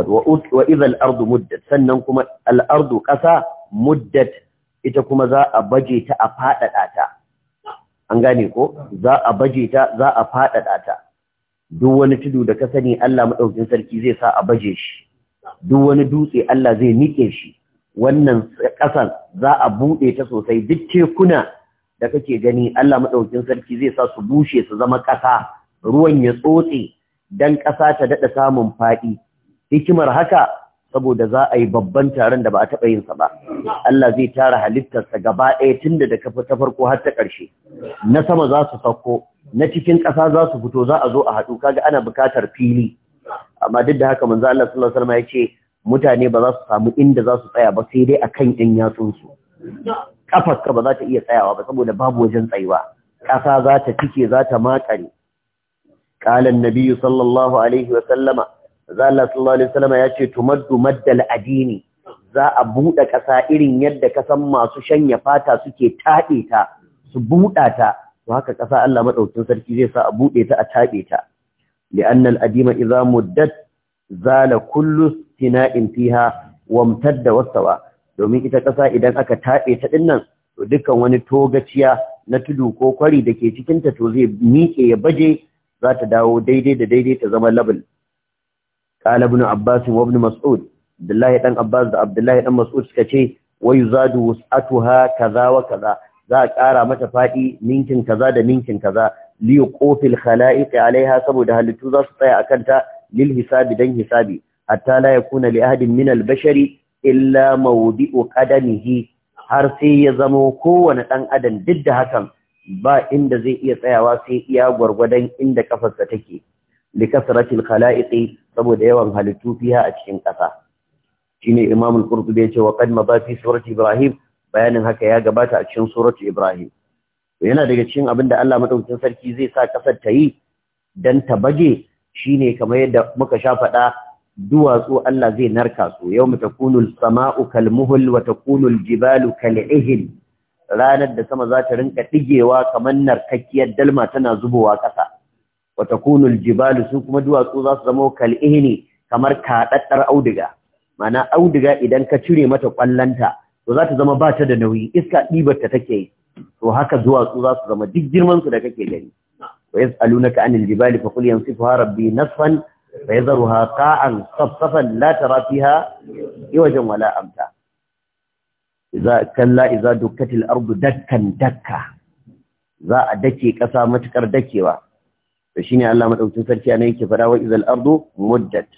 wa idhal ardu muddat sannan kuma al ƙasa muddat ita kuma za a baje ta a faɗaɗa ta an gane ko za a baje ta za a faɗaɗa ta duk wani tudu da ka sani Allah madaukin sarki zai sa a baje shi duk wani dutse Allah zai nike shi wannan kasan za a buɗe ta sosai duk tekuna da kake gani Allah madaukin sarki zai sa su bushe su zama ƙasa ruwan ya tsotse dan ƙasa ta dada samun fadi hikimar haka saboda za a yi babban taron da ba a taɓa sa ba Allah zai tara halittar sa gaba ɗaya tunda da ta farko har ta ƙarshe na sama za su sauko na cikin ƙasa za su fito za a zo a haɗu kaga ana buƙatar fili amma duk da haka manzo Allah sallallahu alaihi wasallam ya ce mutane ba za su samu inda za su tsaya ba sai dai akan ƴan yatsunsu kafarka ba za ta iya tsayawa ba saboda babu wajen tsayuwa ƙasa za ta cike za ta makare ƙalan nabiyu sallallahu alaihi wa sallama za Allah sallallahu alaihi wa sallama ya ce tumaddu maddal adini za a buɗe ƙasa irin yadda kasan masu shanya fata suke taɗe ta su buɗa ta to haka ƙasa Allah maɗaukin sarki zai sa a buɗe ta a taɗe ta li'anna al-adima idza muddat zala kullu tina'in fiha wamtadda wasawa domin ita ƙasa idan aka taɓe ta ɗinnan to dukkan wani togaciya na tudu ko kwari da ke cikinta to zai miƙe ya baje za ta dawo daidai da daidai ta zama labul qala ibn abbas wa ibn mas'ud abdullahi ɗan abbas da abdullahi ɗan mas'ud suka ce wa yuzadu wus'atuha kaza wa kaza za a ƙara mata faɗi ninkin kaza da ninkin kaza li yuqfil khala'iq alaiha saboda halittu za su tsaya a kanta. lil hisabi dan hisabi hatta la kuna li ahadin min al bashari illa Maudi'u qadamihi har sai ya zama kowane ɗan adam duk da hakan ba inda zai iya tsayawa sai iya gurgurdan inda kafarsa take likasratil khala'iqi saboda yawan halittu fiha a cikin kasa shine imam al-qurtubi ya ce wa qad maba fi surati ibrahim bayanin haka ya gabata a cikin surati ibrahim yana daga cikin abinda Allah madaukakin sarki zai sa kasar ta yi dan ta bage shine kamar yadda muka sha faɗa duwatsu Allah zai narka su yau mu takunul sama'u kalmuhul wa takunul jibalu kal'ihil ranar da sama za ta rinka digewa kamar narkakkiyar dalma tana zubowa ƙasa wa takunul jibalu su kuma duwatsu za su zama kal'ihini kamar kaɗaɗɗar auduga Mana auduga idan ka cire mata ƙwallanta to za ta zama ba ta da nauyi iska ɗibarta take yi to haka duwatsu za su zama duk girman su da kake gani wa yas'alunaka anil jibali fa qul yansifuha rabbi nasfan فيذرها haka, an لا ترى فيها عوجا ولا أمتا إذا كلا إذا دكت الأرض دكا دكا za a dake ƙasa matuƙar dakewa to shine Allah madaukakin sarki anan yake fada wa izal ardu muddat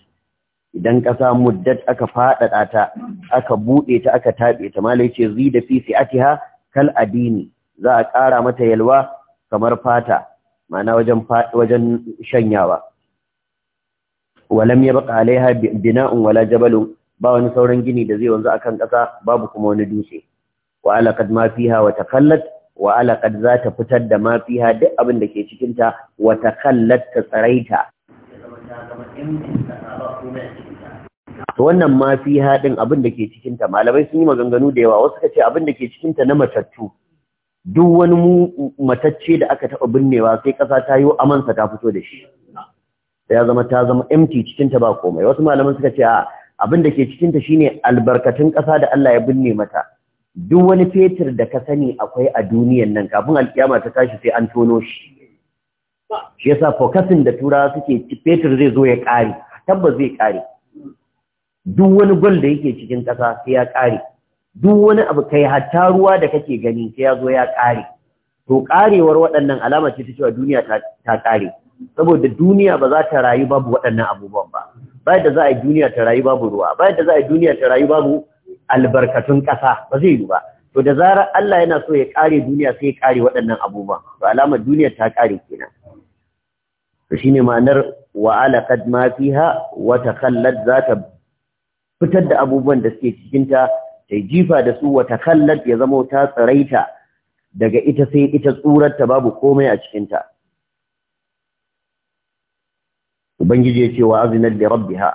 idan ƙasa muddat aka faɗaɗa ta aka buɗe ta aka taɓe ta malai ce zida fi si'atiha kal adini za a ƙara mata yalwa kamar fata ma'ana wajen shanyawa walam ya baka alaiha bina'un wala jabalun ba wani sauran gini da zai wanzu akan ƙasa babu kuma wani dutse wa alaqad ma fiha wa takallat wa alaqad za ta fitar da ma fiha duk abin da ke cikin ta wa takallat ta tsaraita to wannan ma fiha din abin da ke cikin ta malamai sun yi maganganu da yawa wasu kace abin da ke cikin ta na matattu duk wani matacce da aka taɓa binnewa sai ƙasa ta yi amansa ta fito da shi ya zama ta zama empty cikin ta ba komai wasu malaman suka ce a abin da ke cikin ta shine albarkatun ƙasa da Allah ya binne mata duk wani fetur da ka sani akwai a duniyan nan kafin alkiyama ta tashi sai an tono shi shi yasa fokasin da turawa suke fetur zai zo ya ƙare tabbas zai ƙare duk wani gwal da yake cikin ƙasa sai ya ƙare duk wani abu kai hatta ruwa da kake gani sai ya zo ya ƙare to ƙarewar waɗannan alama ce ta cewa duniya ta ƙare saboda duniya ba za ta rayu babu waɗannan abubuwan ba bayan da za a yi duniya ta rayu babu ruwa bayan da za a yi duniya ta rayu babu albarkatun ƙasa ba zai yi ba to da zarar Allah yana so ya ƙare duniya sai ya ƙare waɗannan abubuwan to alamar duniya ta ƙare kenan to shine ma'anar wa qad ma fiha wa takallat za ta fitar da abubuwan da suke cikin ta ta jifa da su wa takallat ya zama ta tsiraita daga ita sai ita tsurarta babu komai a cikin ta ubangiji ya ce wa azinat li rabbiha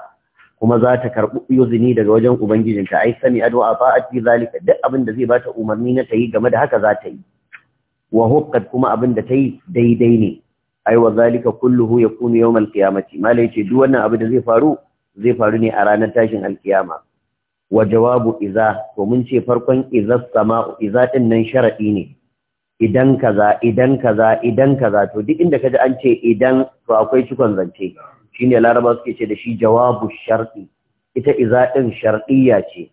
kuma za ta karɓi izini daga wajen ubangijinta ai sani addu'a ati zalika duk abin da zai bata umarni na tayi game da haka za ta yi wa huqqat kuma abin da ta daidai ne ai wa zalika kulluhu yakunu yawm al-qiyamati malai ce duk wannan abin da zai faru zai faru ne a ranar tashin alkiyama wa jawabu iza to mun ce farkon iza sama'u iza din nan sharadi ne idan kaza idan kaza idan kaza to duk inda kaji an ce idan to akwai cikon zance shine laraba suke ce da shi jawabu sharti ita iza din sharqiya ce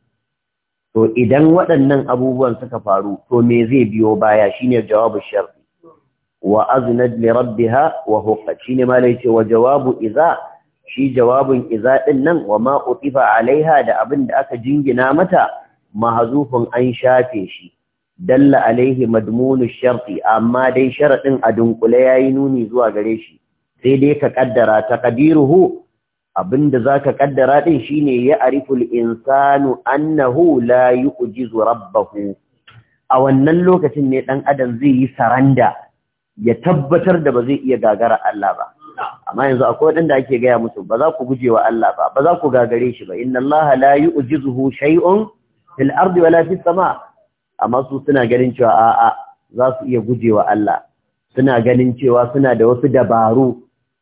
to idan waɗannan abubuwan suka faru to me zai biyo baya shine jawabu sharti wa aznad li rabbiha wa huqa shine malai ce wa jawabu iza shi jawabin iza din nan wa ma utifa alaiha da abin da aka jingina mata mahzufun an shafe shi dalla alaihi madmunu sharti amma dai sharadin a dunkule yayi nuni zuwa gare shi sai dai ka kaddara kadiruhu abinda zaka kaddara din shine ya ariful insanu annahu la yu'jizu rabbahu a wannan lokacin ne dan adam zai yi saranda ya tabbatar da ba zai iya gagara Allah ba amma yanzu akwai da ake gaya musu ba za ku guje wa Allah ba ba za ku gagare shi ba inna Allah la yu'jizuhu shay'un fil ardi wala sama amma su suna ganin cewa a'a za su iya guje wa Allah suna ganin cewa suna da wasu dabaru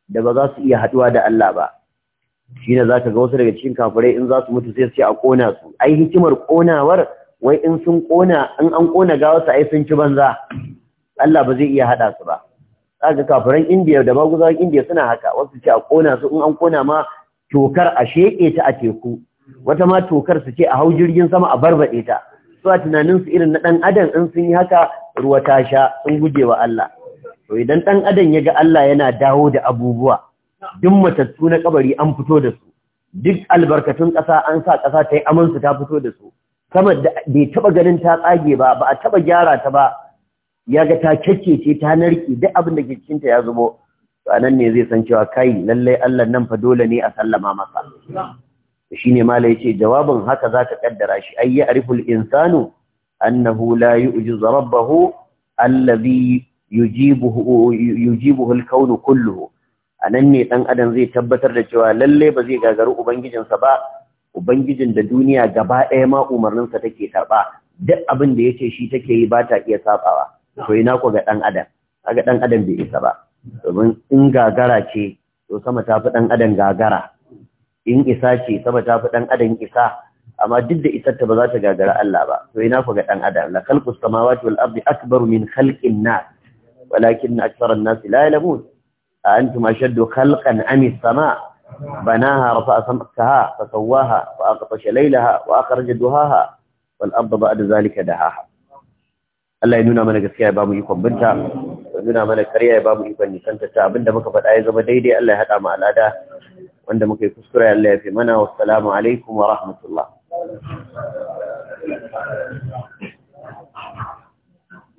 da ba za su iya haɗuwa da Allah ba shine zaka ga wasu daga cikin kafirai in za su mutu sai su a kona su ai hikimar konawar wai in sun kona in an kona gawa su ai sun ci banza Allah ba zai iya haɗa su ba zaka kafiran Indiya da maguzawan Indiya suna haka wasu ce a kona su in an kona ma tokar a sheƙe ta a teku wata ma tokar su ce a hau jirgin sama a barbaɗe ta su a tunanin su irin na ɗan adam in sun yi haka ruwa ta sha sun guje wa Allah to idan ɗan adam ya ga Allah yana dawo da abubuwa duk matattu na ƙabari an fito da su duk albarkatun ƙasa an sa ƙasa ta yi amansu ta fito da su sama da bai taɓa ganin ta tsage ba ba a taɓa gyara ta ba ya ga ta kyakkece ta narki duk abin da kicinta ya zubo to anan ne zai san cewa kai lallai Allah nan fa dole ne a sallama masa shi ne yace jawabin haka za ka ƙaddara shi ay ya'riful insanu annahu la ujizu rabbahu allazi yujibuhu al-kawn kulluhu anan ne dan adam zai tabbatar da cewa lalle ba zai gagaru ubangijinsa ba ubangijin da duniya gaba ɗaya ma umarninsa take karba duk abin da yake shi take yi ba ta iya sabawa to ina ko ga dan adam kaga dan adam bai isa ba domin in gagara ce to sama ta fi dan adam gagara in isa ce sama ta fi dan adam isa amma duk da isar ta ba za ta gagara Allah ba to ina ko ga dan adam la khalqus samawati wal ardi akbaru min khalqin nas walakin akthara an-nas la ya'lamun a antum ashaddu khalqan am as-sama' banaha rafa'a samkaha fasawwaha wa aqtasha laylaha wa akhraja Allah ya nuna mana gaskiya ya ba mu ikon binta ya nuna mana kariya ya ba mu ikon nisanta ta abinda muka faɗa ya zama daidai Allah ya haɗa mu al'ada wanda muka yi kuskure Allah ya fi mana wassalamu alaikum wa rahmatullah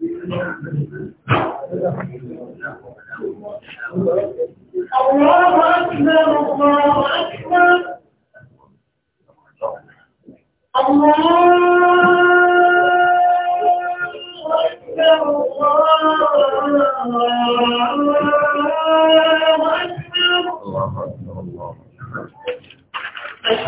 الله أكبر الله أكبر الله أكبر الله أكبر الله أكبر